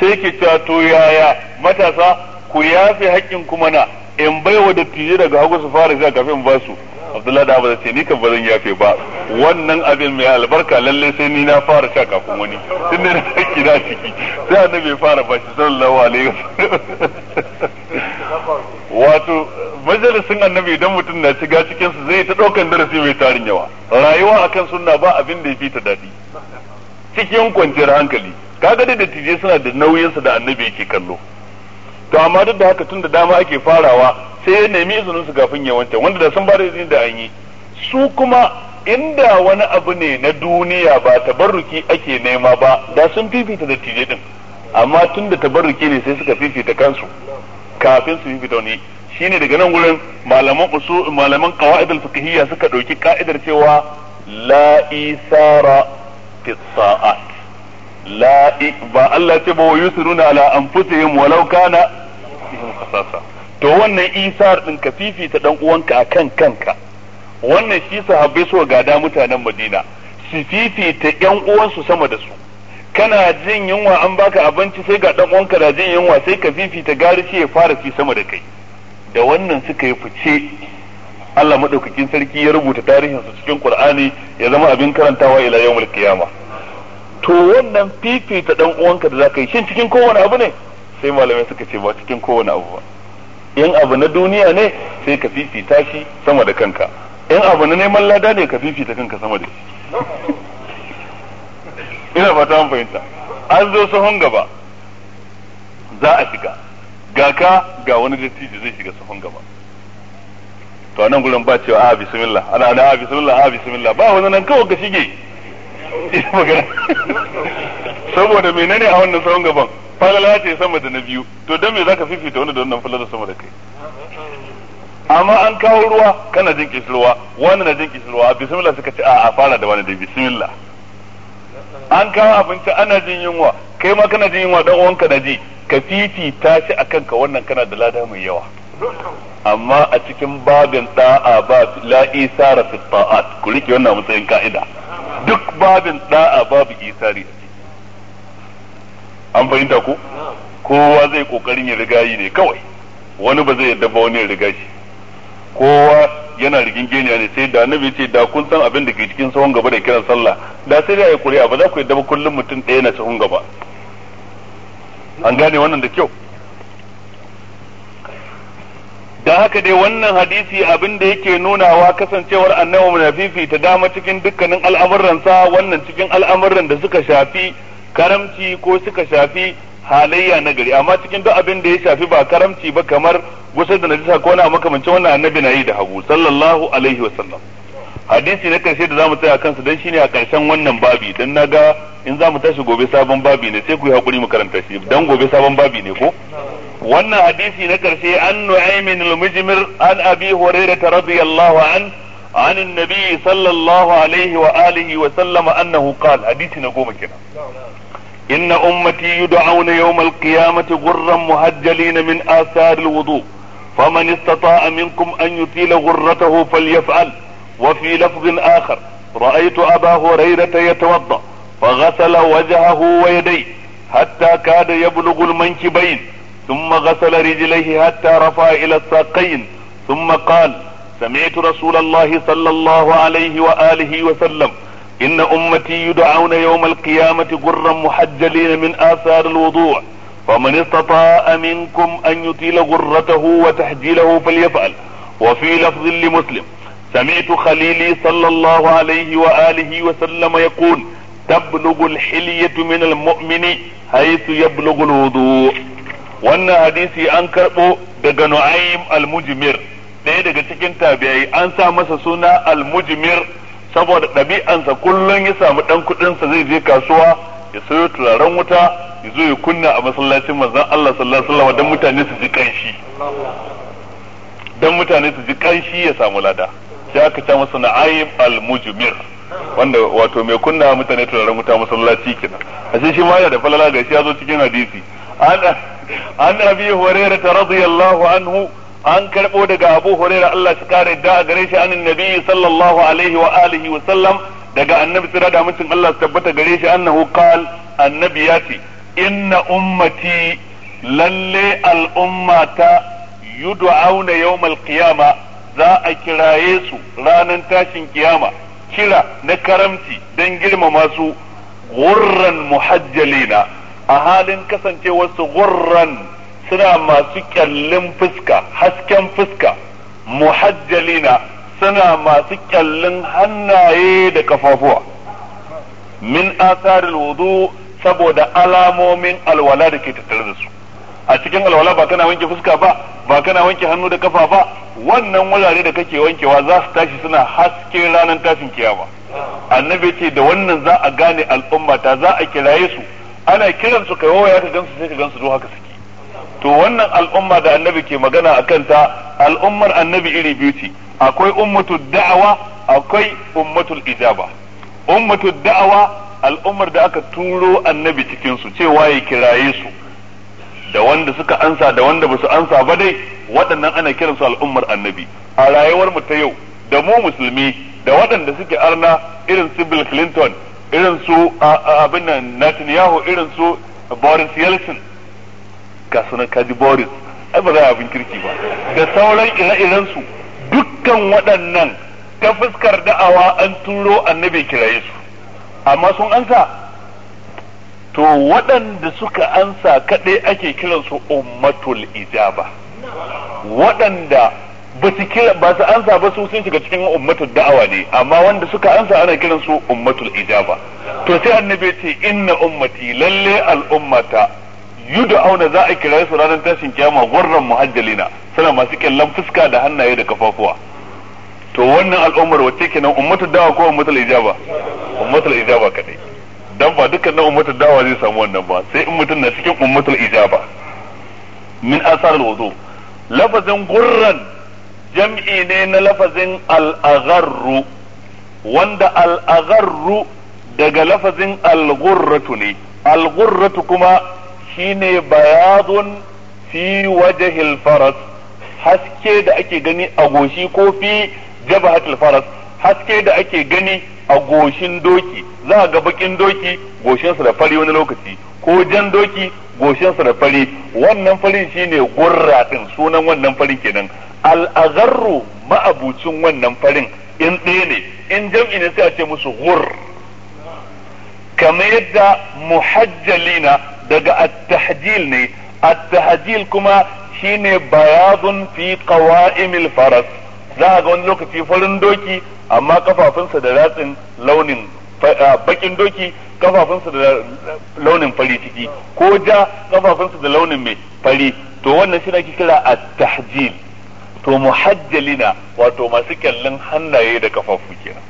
sai ke cewa to yaya matasa ku yafe haƙƙin kuma na in baiwa dattije daga hagu su fara zuwa kafin ba su Abdullahi da Abu ce ni kan bazan yafe ba wannan abin mai albarka lalle sai ni na fara sha kafin wani tunda na haƙƙi na ciki sai annabi ya fara ba shi sallallahu alaihi wasallam *laughs* wato majalisin annabi idan mutum na shiga cikin su zai ta daukan darasi mai tarin yawa rayuwa akan sunna ba abin da ya fi ta dadi cikin kwanciyar hankali kaga da dattijai suna da nauyin su da annabi yake kallo to amma duk da haka tun da dama ake farawa sai ya nemi izinin su kafin ya wancan wanda da sun ba da izini da an yi su kuma inda wani abu ne na duniya ba tabarruki ake nema ba da sun fifita dattijai din amma tun da tabarruki ne sai suka fifita kansu kafin su yi bidoni shine daga nan gurin malaman usul malaman qawaid al-fiqhiyya suka dauki ka'idar cewa la isara fi sa'at la ba Allah ce ba yusiruna ala anfusihim walau kana to wannan isar din ka fifita dan uwanka akan kanka wannan shi sahabbai so gada mutanen Madina su fifita yan uwansu sama da su kana jin yunwa an baka abinci sai ga dan uwanka da jin yunwa sai ka fifita garishi ya fara fi sama da kai da wannan suka yi fice Allah madaukakin sarki ya rubuta tarihin su cikin Qur'ani ya zama abin karantawa ila yawmul qiyama to wannan fifita dan uwanka da zaka yi shin cikin kowane abu ne sai malamai suka ce ba cikin kowane abu ba in abu na duniya ne sai ka fifita shi sama da kanka in abu na neman lada ne ka fifita kanka sama da shi ina fata an fahimta an zo sahun gaba za a shiga ga ka ga wani dattijo zai shiga sahun gaba to nan gurin ba cewa a ah, bismillah ana ana a ah, bismillah a ah, bismillah ba wani nan kawai ka shige saboda menene a wannan sahun gaban falala ce sama da na biyu to dan me zaka fifita wani da wannan falala sama da kai amma an kawo ruwa kana jin ruwa wani na jin ruwa bismillah suka ce a a fara da wani da bismillah an kawo abinci ana jin yunwa kai ma kana jin yunwa dan uwanka na ji ka fifita shi akan ka wannan kana da lada mai yawa amma a cikin babin da'a ba la isara fi ta'at ku rike wannan matsayin ka'ida duk babin da'a babu isari an fahimta ku kowa zai kokarin ya rigayi ne kawai wani ba zai yadda ba wani ya riga shi kowa yana rigingeniya ne sai da annabi ce da kun san abin da ke cikin sahun gaba da kiran sallah da sai dai ayi kuri'a ba za ku yadda ba kullum mutum ɗaya na sahun gaba an gane wannan da kyau da haka dai wannan hadisi abin da yake nunawa kasancewar annabi na fifita dama cikin dukkanin al'amuransa wannan cikin al'amuran da suka shafi karamci ko suka shafi halayya na gari amma cikin duk abin da ya shafi ba karamci ba kamar wasu da najisa ko na makamancin wannan annabi na yi da hagu sallallahu alaihi wa sallam hadisi na karshe da zamu tsaya kansa dan shine a karshen wannan babi dan naga in zamu tashi gobe sabon babi ne sai ku yi hakuri mu karanta shi dan gobe sabon babi ne ko wannan hadisi na karshe an nu'aymin al-mujmir an abi hurairah radiyallahu an عن النبي صلى الله عليه وآله وسلم أنه قال حديثنا قوم كنا إن أمتي يدعون يوم القيامة غرا مهجلين من آثار الوضوء فمن استطاع منكم أن يثيل غرته فليفعل وفي لفظ آخر رأيت أبا هريرة يتوضأ فغسل وجهه ويديه حتى كاد يبلغ المنكبين ثم غسل رجليه حتى رفع إلى الساقين ثم قال سمعت رسول الله صلى الله عليه وآله وسلم إن أمتي يدعون يوم القيامة غرا محجلين من آثار الوضوء فمن استطاع منكم أن يطيل غرته وتحجيله فليفعل وفي لفظ لمسلم سمعت خليلي صلى الله عليه وآله وسلم يقول تبلغ الحلية من المؤمن حيث يبلغ الوضوء وأن حديثي an karɓo daga المجمر al-Mujmir ɗaya daga cikin saboda ɗabi'ansa kullum ya samu ɗan kuɗinsa zai je kasuwa ya sayo turaren wuta ya zo ya kunna a masallacin manzon Allah sallallahu alaihi wasallam dan mutane su ji kanshi dan mutane su ji kanshi ya samu lada ya aka ta masa na'ayib al-mujmir wanda wato mai kunna mutane turaren wuta masallaci kenan ashe shi ma ya da falala ga shi ya zo cikin hadisi an an abi hurairah radiyallahu anhu an karɓo daga Abu Hurairah Allah shi kare da a gare shi anin Nabi sallallahu alaihi wa alihi wa sallam daga annabi tsira da mutum Allah su tabbata gare shi annahu qal annabi ya ce inna ummati lalle al'ummata yud'auna yawmal qiyama za a kiraye su ranar tashin kiyama kira na karamci don girmama su gurran muhajjalina a halin kasancewarsu gurran suna masu kyallin fuska hasken fuska muhajjalina suna masu kyallin hannaye da kafafuwa min asarin wudu saboda alamomin alwala da ke tattare da su a cikin alwala ba kana wanke fuska ba ba kana wanke hannu da kafa ba wannan wurare da kake wankewa za su tashi suna hasken ranar tashin kiyama annabi ce da wannan za a gane al'umma ta za a kiraye su ana kiran su kai waya ka gansu sai ka gansu zo haka to wannan al'umma da annabi ke magana a kanta al'ummar annabi iri biyu ce akwai ummatu da'awa akwai ummatul ijaba ummatu da'awa al'ummar da aka turo annabi cikin su cewa ya kiraye su da wanda suka ansa da wanda basu ansa ba dai waɗannan ana kiransu al'ummar annabi a rayuwar mu ta yau da mu musulmi da waɗanda suke arna irin su Bill Clinton irin su abin nan Netanyahu irin su Boris Yeltsin ga sunan kaji boris ai ba za a abin kirki ba da sauran ire-iren su dukkan waɗannan ta fuskar da'awa an turo annabi kiraye su amma sun ansa to waɗanda suka ansa kaɗai ake kiransu ummatul ijaba waɗanda ba su kira ba su ansa ba su sun shiga cikin ummatul da'awa ne amma wanda suka ansa ana kiransu su ummatul ijaba to sai annabi ce inna ummati lalle al'ummata auna za a kira su ranar tashin kiyama gurran muhajjalina suna masu kyallan fuska da hannaye da kafafuwa to wannan al'ummar wacce kenan ummatu dawa ko ummatul ijaba ummatul ijaba kadai dan ba dukkanin ummatul dawa zai samu wannan ba sai in mutun na cikin ummatul ijaba min asar al-wudu lafazin gurran jam'i ne na lafazin al-agharru wanda al-agharru daga lafazin al-ghurratu ne al-ghurratu kuma shine bayadun fi wajhil faras haske da ake gani a goshi ko fi jabhatil faras haske da ake gani a goshin doki za a ga bakin doki goshinsa da fari wani lokaci ko jan doki goshinsa da fari wannan farin shine gurra din sunan wannan farin kenan al'azarru ma'abucin wannan farin in ɗaya ne in jam'i ne sai a ce musu gur kamar yadda muhajjalina daga at-tahjil ne at-tahjil kuma shine bayadun fi qawa'imil faras za a ga wani lokaci farin doki amma kafafunsa da ratsin launin bakin doki kafafunsa da launin fari ciki ko ja kafafunsa da launin mai fari to wannan shi ake kira at-tahjil wato muhajjalina wato masu kyallin hannaye da kafafu kenan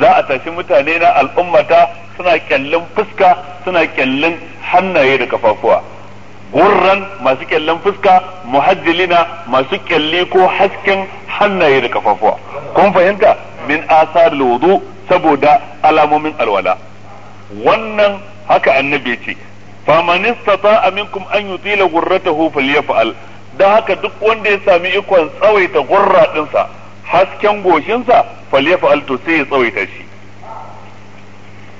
za a tashi mutane na al'ummata suna kyallin fuska suna kyallin hannaye da kafafuwa gurran masu kyallin fuska muhajjalina masu ƙyalli ko hasken hannaye da kafafuwa kun fahimta min asar wudu saboda alamomin alwala wannan haka annabi ce faman istata aminkum an yutila ya falyaf'al don haka duk wanda ya sami ikon tsawaita gurra dinsa hasken goshinsa falyafa alto sai ya tsawaita shi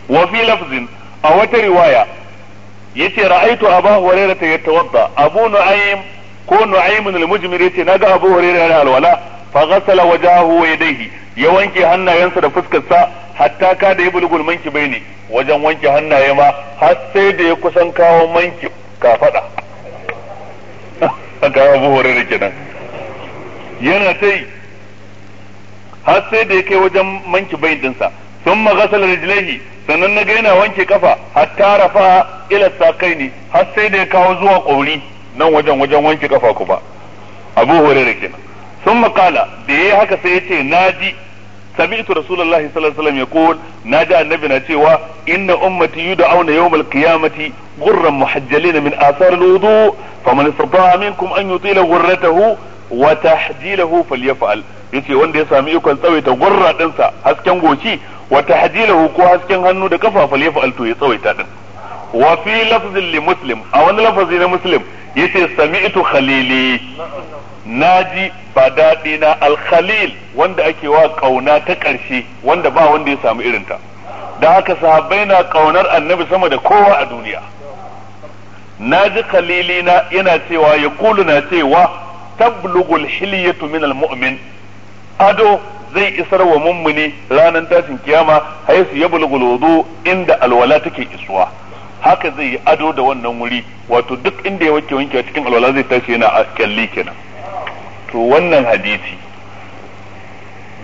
wa fi lafzin a wata riwaya yace ra'aitu abu hurairah ta yatawadda abu nu'aym ko nu'aym al-mujmir yace ga abu hurairah yana alwala fa ghassala wajahu wa yadayhi ya wanke hannayensa da fuskarsa hatta ka da ya bulgul manki bai ne wajen wanke hannaye ma har sai da ya kusan kawo manki ka fada ga Abu da kenan yana tai har sai da ya kai wajen manki bayin dinsa sun magasal rijlaihi sannan na ga yana wanke kafa hatta rafa ila ne har sai da ya kawo zuwa kauri nan wajen wajen wanke kafa kuma Abu da kenan sun makala da yayi haka sai ya ce ji. sami'tu rasulullahi sallallahu alaihi wasallam yaqul naji annabi na cewa inna ummati yud'auna yawmal qiyamati ghurran muhajjalina min athar alwudu yace wanda ya sami ikon tsawaita gurra dinsa hasken goshi wa tahjilahu ko hasken hannu da kafa to ya tsawaita din wa fi lafzin li muslim a wani lafazi na muslim yace sami'tu khalili naji ba daɗi na alkhalil wanda ake wa kauna ta ƙarshe wanda ba wanda ya samu irin ta da haka sahabbai na kaunar annabi sama da kowa a duniya naji khalili na yana cewa ya kulu na cewa tablugul hiliyatu min almu'min ado zai isar wa mummuni ranar tashin kiyama haisu ya bulgul wudu inda alwala take isuwa haka zai yi ado da wannan wuri wato duk inda ya wanke wanke cikin alwala zai tashi yana a kyalli kenan to wannan hadisi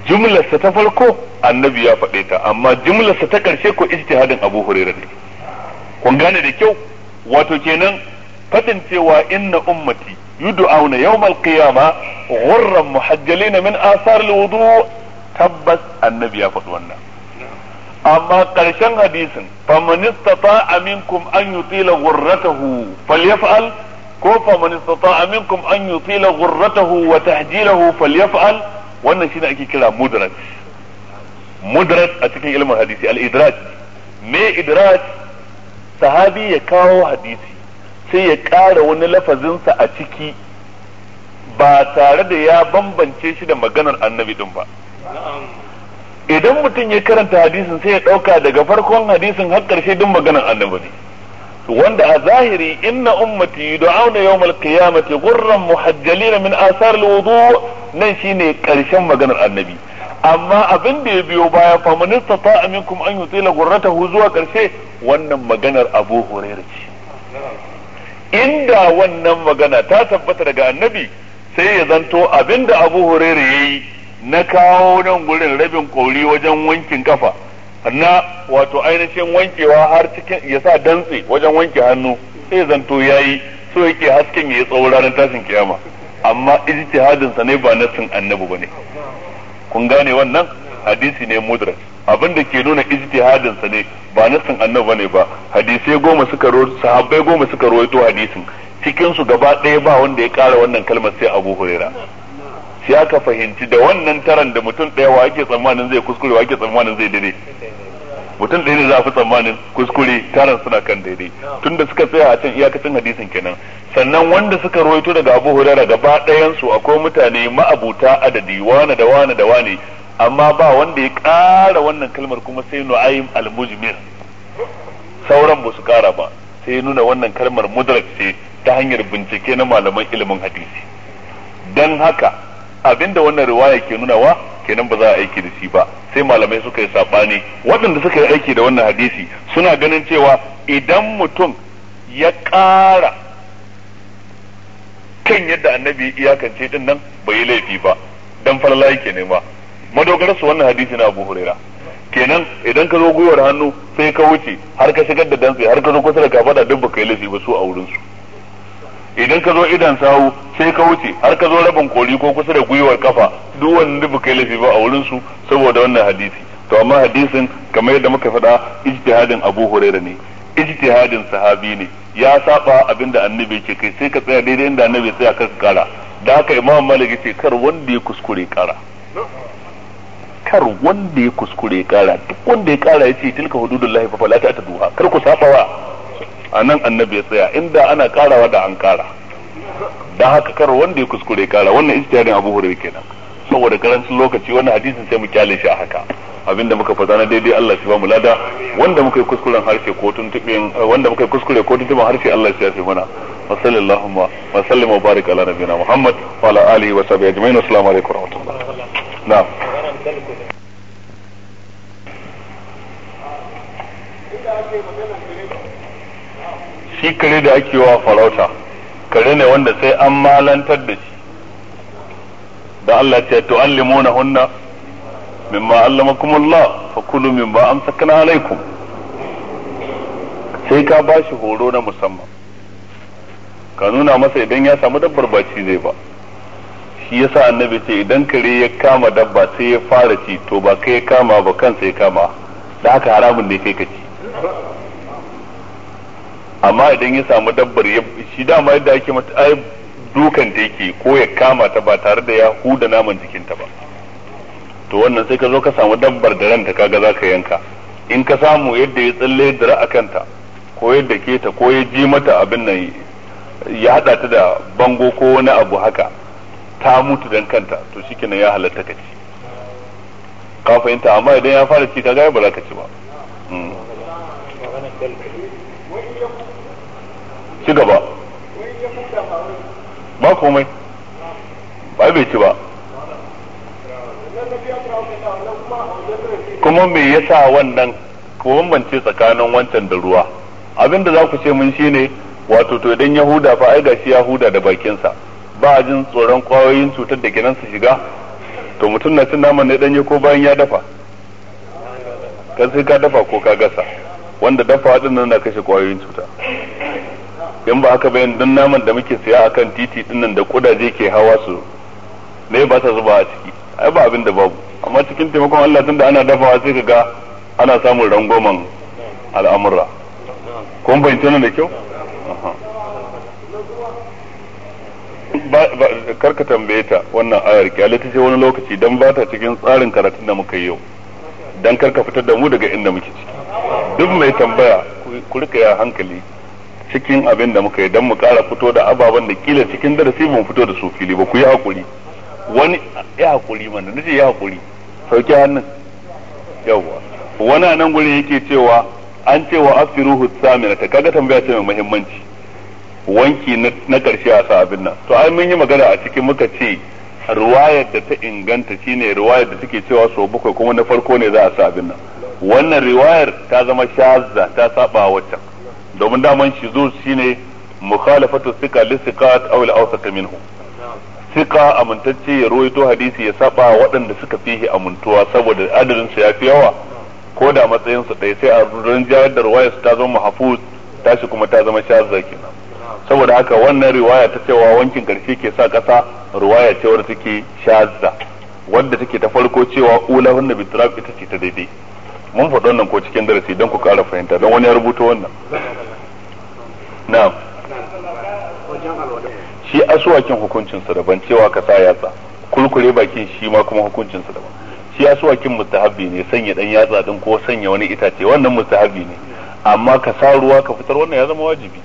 jumlarsa ta farko annabi ya faɗe ta amma jumlarsa ta ƙarshe ko ijtihadin abu hurairah ne kun gane da kyau wato kenan fadin cewa inna ummati yud'auna yawmal qiyama ghurran muhajjalina min athar wudu tabbas annabi ya faɗi wannan amma ƙarshen hadisin faman istata'a minkum an yutila ghurratahu falyaf'al ko fa man istata'a minkum an yutila ghurratahu wa tahjilahu falyaf'al wannan shine ake kira mudraj mudraj a cikin ilmin hadisi al-idraj me idraj sahabi ya kawo hadisi sai ya ƙara wani lafazinsa a ciki ba tare da ya bambance shi da maganar annabi din ba idan mutum ya karanta hadisin sai ya ɗauka daga farkon hadisin har karshe din maganar annabi wanda a zahiri inna ummati yud'auna yawmal qiyamati ghurran muhajjalina min athar alwudu nan shine karshen maganar annabi amma abin da ya biyo baya fa man istata'a minkum an yutila ghurratahu zuwa karshe wannan maganar Abu Hurairah ce inda wannan magana ta tabbata daga annabi sai ya zanto da Abu Hurairah yayi na kawo nan gurin rabin kori wajen wankin kafa na wato ainihin wankewa har cikin ya sa dantse wajen wanke hannu sai zanto yayi so yake hasken ya tsawo ranar tashin kiyama amma ijtihadin sa ne ba na sun annabi bane kun gane wannan hadisi ne mudrak abin da ke nuna ijtihadin sa ne ba na sun annabi bane ba hadisai goma suka ro sahabbai goma suka rawaito hadisin cikin su gaba ɗaya ba wanda ya ƙara wannan kalmar sai Abu Hurairah sai aka fahimci da wannan taran da mutum ɗaya wa ake tsammanin zai kuskure wa ake tsammanin zai daidai mutum ɗaya ne za a fi tsammanin kuskure taran suna kan daidai tunda suka tsaya a can iyakacin hadisin kenan sannan wanda suka rawaito daga abu hurara gaba ɗayansu akwai mutane ma'abuta adadi wane da wane da wane amma ba wanda ya ƙara wannan kalmar kuma sai nu al-mujmir sauran ba su ƙara ba sai nuna wannan kalmar mudrak ce ta hanyar bincike na malaman ilimin hadisi dan haka abinda wannan riwaya ke nuna wa kenan ba za a aiki da shi ba sai malamai suka yi sabani waɗanda suka yi aiki da wannan hadisi suna ganin cewa idan mutum ya ƙara kan yadda annabi iyakance din nan bai yi laifi ba dan falala yake nema madogarar su wannan hadisi na Abu Huraira kenan idan ka zo gwiwar hannu sai ka wuce har ka shigar da dantse har ka zo kusa da kafada duk baka yi laifi ba su a wurin su idan ka zo idan sawu sai ka wuce har ka zo rabin koli ko kusa da gwiwar kafa duk wanda ba kai lafi ba a wurin su saboda wannan hadisi to amma hadisin kamar yadda muka faɗa ijtihadin Abu Hurairah ne ijtihadin sahabi ne ya saba abinda annabi ce kai sai ka tsaya daidai inda annabi ya tsaya ka kara da haka Imam Malik ce kar wanda ya kuskure kara kar wanda ya kuskure kara duk wanda ya kara yace tilka hududullahi fa fala ta duha kar ku saba wa a nan annabi ya tsaya inda ana karawa da an kara da haka kar wanda ya kuskure kara wannan istiyarin Abu Hurairah kenan saboda karancin lokaci wannan hadisin sai mu kyale shi a haka abinda muka faɗa na daidai Allah shi ba mu lada wanda muka yi kuskuren harshe ko tuntuɓin wanda muka yi kuskure ko tuntuɓin harshe Allah shi ya fi mana wa sallallahu wa sallama wa barik ala nabiyina Muhammad wa ala alihi wa sahbihi ajma'in assalamu alaikum wa rahmatullah na'am Thank you. shi kare da ake wa farauta kare ne wanda sai an malantar da shi da Allah ce to allimuna hunna mimma allamakumullah fa kulu mimma amsakna alaikum sai ka ba shi horo na musamman ka nuna masa idan ya samu dabbar ba ci zai ba shi yasa annabi ce idan kare ya kama dabba sai ya fara ci to ba kai kama ba kansa ya kama da haka haramun ne kai ka ci amma idan ya samu dabbar shi dama yadda ake mata ai dukan ta yake ko ya kama ta ba tare da ya huda naman jikinta ba to wannan sai ka zo ka samu dabbar da ranta kaga za ka yanka in ka samu yadda ya tsalle da akanta kanta ko yadda ke ta ko ya ji mata abin nan ya hada ta da bango ko wani abu haka ta mutu dan kanta to shikenan ya halatta ka ci ka fahimta amma idan ya fara ci kaga ba za ka ci ba hmm. ci gaba ba komai ba bai ci ba kuma me sa wannan ku bambance tsakanin wancan da ruwa abinda za ku ce mun shine wato to idan yahuda fa ai gashi yahuda da bakinsa ba a jin tsoron kwayoyin cutar da ginan su shiga to mutum na cin naman ne danye ko bayan ya dafa kan sai ka dafa ko ka gasa wanda dafa din nan na kashe kwayoyin cuta in ba haka bayan dan naman da muke siya akan titi dinnan da kudaje ke hawa su ne ba ta zuba a ciki ai ba abin da babu amma cikin taimakon Allah tunda ana dafawa sai ka ga ana samun rangoman al'amura kun bayyana nan da kyau karka tambaye ta wannan ayar kyale ta ce wani lokaci dan ba ta cikin tsarin karatun da muka yi yau dan karka fitar da mu daga inda muke ciki duk mai tambaya ku rika ya hankali cikin abin da muka yi don mu kara fito da ababen da kila cikin darasi mun fito da su fili ba ku yi hakuri wani ya hakuri mana ce ya hakuri sauke hannun yawwa wani nan guri yake cewa an cewa wa afiruhu saminata kaga tambaya ce mai muhimmanci wanki na karshe a sa abin nan to ai mun yi magana a cikin muka ce ruwayar da ta inganta shine ruwayar da take cewa so bakwai kuma na farko ne za a sa abin nan wannan riwayar ta zama shazza ta saba waccan domin daman shi shine mukhalafatu thiqa li thiqat aw al-awsaq minhu sika amintacce ya ruwaito hadisi ya saba waɗanda suka fihi amintuwa saboda adadin su fi yawa ko da matsayin su ɗaya sai a ranjayar da ruwaya su ta zama mahfuz tashi kuma ta zama shazza kenan saboda haka wannan riwaya ta cewa wankin karshe ke sa kasa riwaya ce wadda take shazza wadda take ta farko cewa ulahun nabi ita ce ta daidai mun faɗi wannan ko cikin darasi don ku ƙara fahimta don wani ya rubuta wannan na'am shi asuwakin hukuncinsa daban cewa ka sa yatsa kulkure bakin shi ma kuma hukuncinsa daban shi asuwakin mustahabi ne sanya dan yatsa din ko sanya wani itace wannan mustahabi ne amma ka sa ruwa ka fitar wannan ya zama wajibi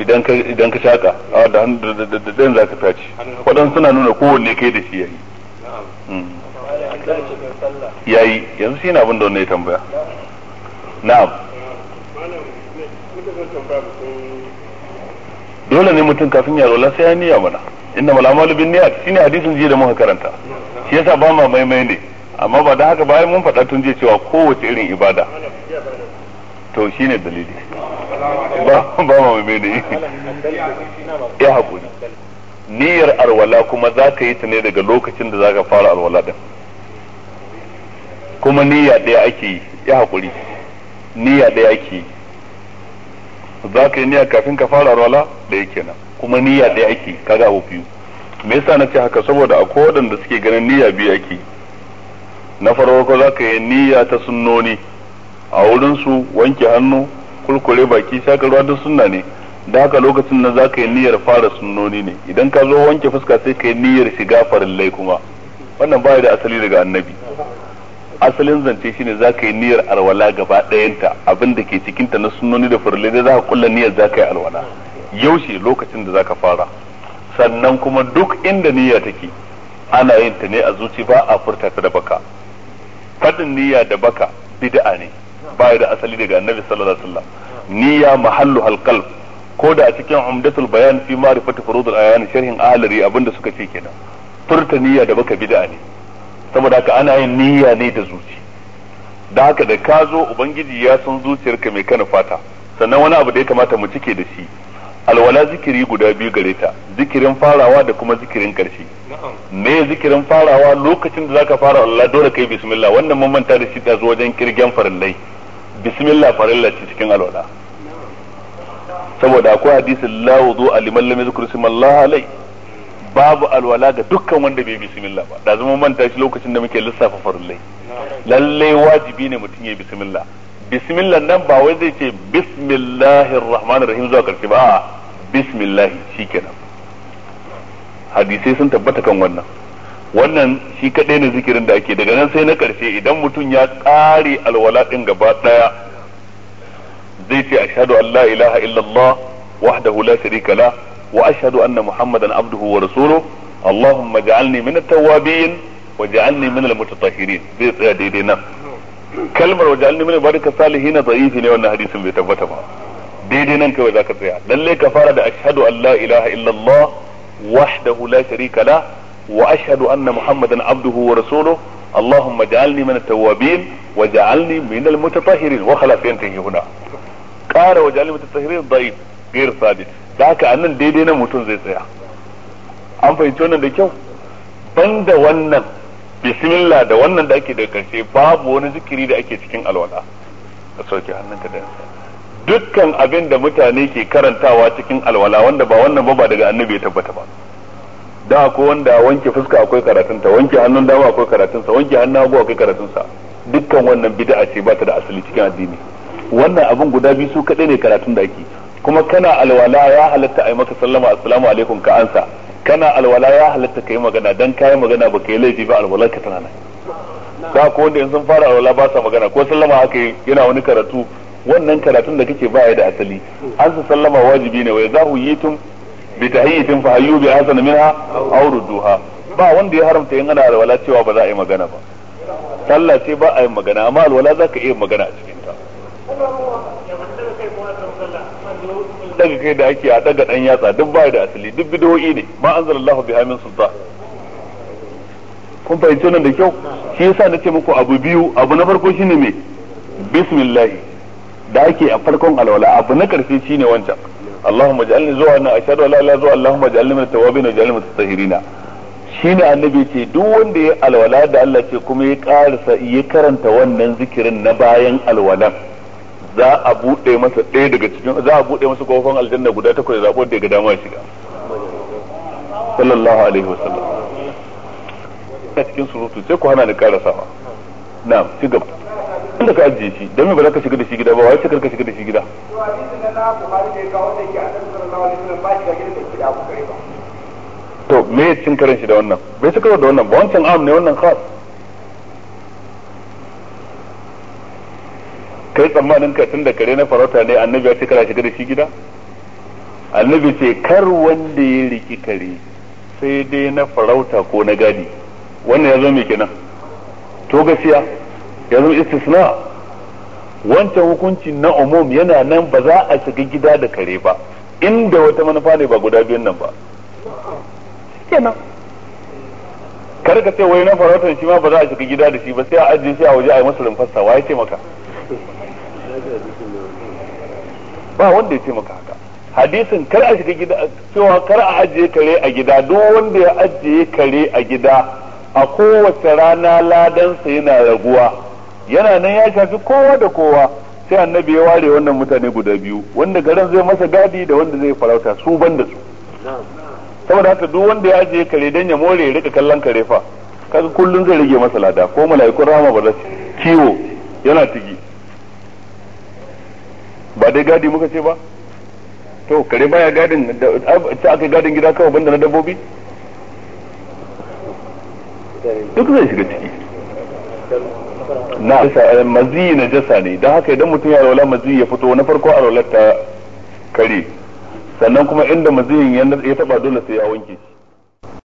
idan ka idan ka shaka a da da za ka tace. waɗansu suna nuna kowanne kai da shi yayi hmm. yayi yanzu shi na abin da wannan ya tambaya na'am dole ne mutum kafin ya rola sai ya niyya mana inna malamalu bin niyyat shine hadisin jiya da muka karanta shi yasa ba ma maimai ne amma ba da haka bayan mun faɗa tun jiya cewa kowace irin ibada to shine dalili ba ma mai ne ya haƙuri niyyar alwala kuma za ka yi ta ne daga lokacin da za ka fara alwala din kuma niyya ɗaya ake yi ya haƙuri niyya ɗaya ake yi za ka yi niyya kafin ka fara alwala yake nan kuma niyya ɗaya ake yi kaga abu biyu me yasa na ce haka saboda akwai waɗanda suke ganin niyya biyu ake na farko za ka yi niyya ta sunnoni a wurin su wanke hannu kurkure baki shakar ruwa duk sunna ne da haka lokacin nan za yi niyyar fara sunnoni ne idan ka zo wanke fuska sai ka yi niyyar shiga farillai kuma wannan ba da asali daga annabi asalin zance shine zaka yi niyyar alwala gaba ɗayanta abin da ke ta na sunnoni da farillai da za ka kulla niyyar zaka yi alwala yaushe lokacin da zaka fara sannan kuma duk inda niyya take ana yin ta ne a zuci ba a furta ta da baka faɗin niyya da baka bid'a ne baya da asali daga annabi sallallahu alaihi wasallam niyya mahallu halqal ko da a cikin umdatul bayan fi ma'rifati furudul ayan sharhin ahlari abinda suka ce kenan furta niyya da baka bid'a ne saboda haka ana yin niyya ne da zuci da haka da ka zo ubangiji ya san zuciyarka mai kana fata sannan wani abu da ya kamata mu cike da shi alwala zikiri guda biyu gare ta zikirin farawa da kuma zikirin karshe me zikirin farawa lokacin da zaka fara Allah dole kai bismillah wannan mun manta da shi da zuwa wajen kirgen farillai bismillah farilla ce cikin alwala saboda akwai hadisin la wudu liman lam yadhkur Allah alai babu alwala ga dukkan wanda bai bismillah ba da zama manta shi lokacin da muke lissafa farillai lalle wajibi ne mutum ya bismillah bismillah nan ba wai zai ce bismillahir rahmanir rahim zuwa karshe ba bismillah shikenan hadisai sun tabbata kan wannan wannan shi kaɗai ne zikirin da ake daga nan sai na ƙarshe idan mutum ya ƙare alwala ɗin gaba ɗaya zai ce ashhadu an la ilaha illallah wahdahu la sharika la wa ashhadu anna muhammadan abduhu wa rasuluhu allahumma ja'alni min at-tawwabin wa ja'alni min al-mutatahhirin zai tsaya daidai nan kalmar wa ja'alni min ibadika salihin dha'ifi ne wannan hadisin bai tabbata ba daidai nan kawai zaka tsaya lalle ka fara da ashhadu an la ilaha illallah wahdahu la sharika la واشهد ان محمدا عبده ورسوله اللهم اجعلني من التوابين واجعلني من المتطهرين وخلاص ينتهي هنا قال واجعلني من المتطهرين ضعيف غير ثابت ذاك ان ديدينا متون زي mutum zai tsaya an fahimci wannan da kyau banda wannan bismillah da wannan da ake da karshe babu wani zikiri da ake cikin alwala a sauke hannunka da yansa dukkan abin da mutane ke karantawa cikin alwala wanda ba wannan ba ba daga annabi ya tabbata ba da ko wanda wanke fuska akwai karatun ta wanke hannun dama akwai karatun sa wanke hannun hagu akwai karatun sa dukkan wannan bid'a ce ba ta da asali cikin addini wannan abin guda biyu su kadai ne karatun da ake kuma kana alwala ya halatta ayi maka sallama assalamu alaikum ka ansa kana alwala ya halatta ka yi magana dan ka yi magana ba ka yi laifi ba alwala ka tana da ko wanda in sun fara alwala ba sa magana ko sallama haka yana wani karatu wannan karatun da kake ba ya da asali an sallama wajibi ne wai zahu yitum bi tahiyyatin fa hayyu bi ahsana minha aw rudduha ba wanda ya haramta yin ana alwala cewa ba za a yi magana ba sallah ce ba a yi magana amma alwala za ka iya magana a cikin ta daga kai da ake a daga dan yatsa duk ba da asali duk bidoyi ne ma anzalallahu biha min sultan kun fahimci nan da kyau shi yasa nace muku abu biyu abu na farko shine me bismillah da ake a farkon alwala abu na karshe shine wancan Allahumma ij'alni zuwa اشهد ان لا اله الا الله Allahumma اجعلني من التوابين واجعلني من tatahirina shine annabi ce duk wanda ya alwala da Allah ce kuma ya karasa ya karanta wannan zikirin na bayan alwalan za a bude masa ɗaya daga cikin za a bude masa kofofin aljanna guda takwas zabo da ga dama shiga sallallahu alaihi wasallam a cikin surutu sai ku hana ni karasawa na'am ci inda ka ajiye shi don ba za ka shiga da shi gida ba wai sai ka shiga da shi gida to na da ba shi da ba to me ya cin karen shi da wannan bai ci karo da wannan ba wancan am ne wannan khas kai tsammanin ka tun da kare na farauta ne annabi ya ce kana shiga da shi gida annabi ce kar wanda ya riki kare sai dai na farauta ko na gadi wannan ya zo me kenan to gaskiya ya zama istisna wancan hukunci na umum yana nan ba za a shiga gida da kare ba inda wata manufa ne ba guda biyun nan ba kenan kar ka ce wai na farautar shi ma ba za a shiga gida da shi ba sai a ajiye shi a waje a yi masa rumfarsa wa ya ce maka ba wanda ya ce maka haka hadisin kar a shiga gida cewa kar a ajiye kare a gida duk wanda ya ajiye kare a gida a kowace rana ladansa yana raguwa yana nan ya shafi kowa da kowa sai annabi ya ware wannan mutane guda biyu wanda garin zai masa gadi da wanda zai farauta su ban da su saboda haka duk wanda ya je kare dan ya more ya rika kallon kare fa kaga kullun zai rage masa lada ko mala'ikun rama ba za su kiwo yana tigi ba dai gadi muka ce ba to kare baya gadin da aka gadin gida kawai banda na dabbobi duk zai shiga ciki na eh, mazi na jasa ne don haka idan mutum ya rola mazi ya fito na farko alwalar ta kare sannan kuma inda mazi ya taba dole sai ya wanke shi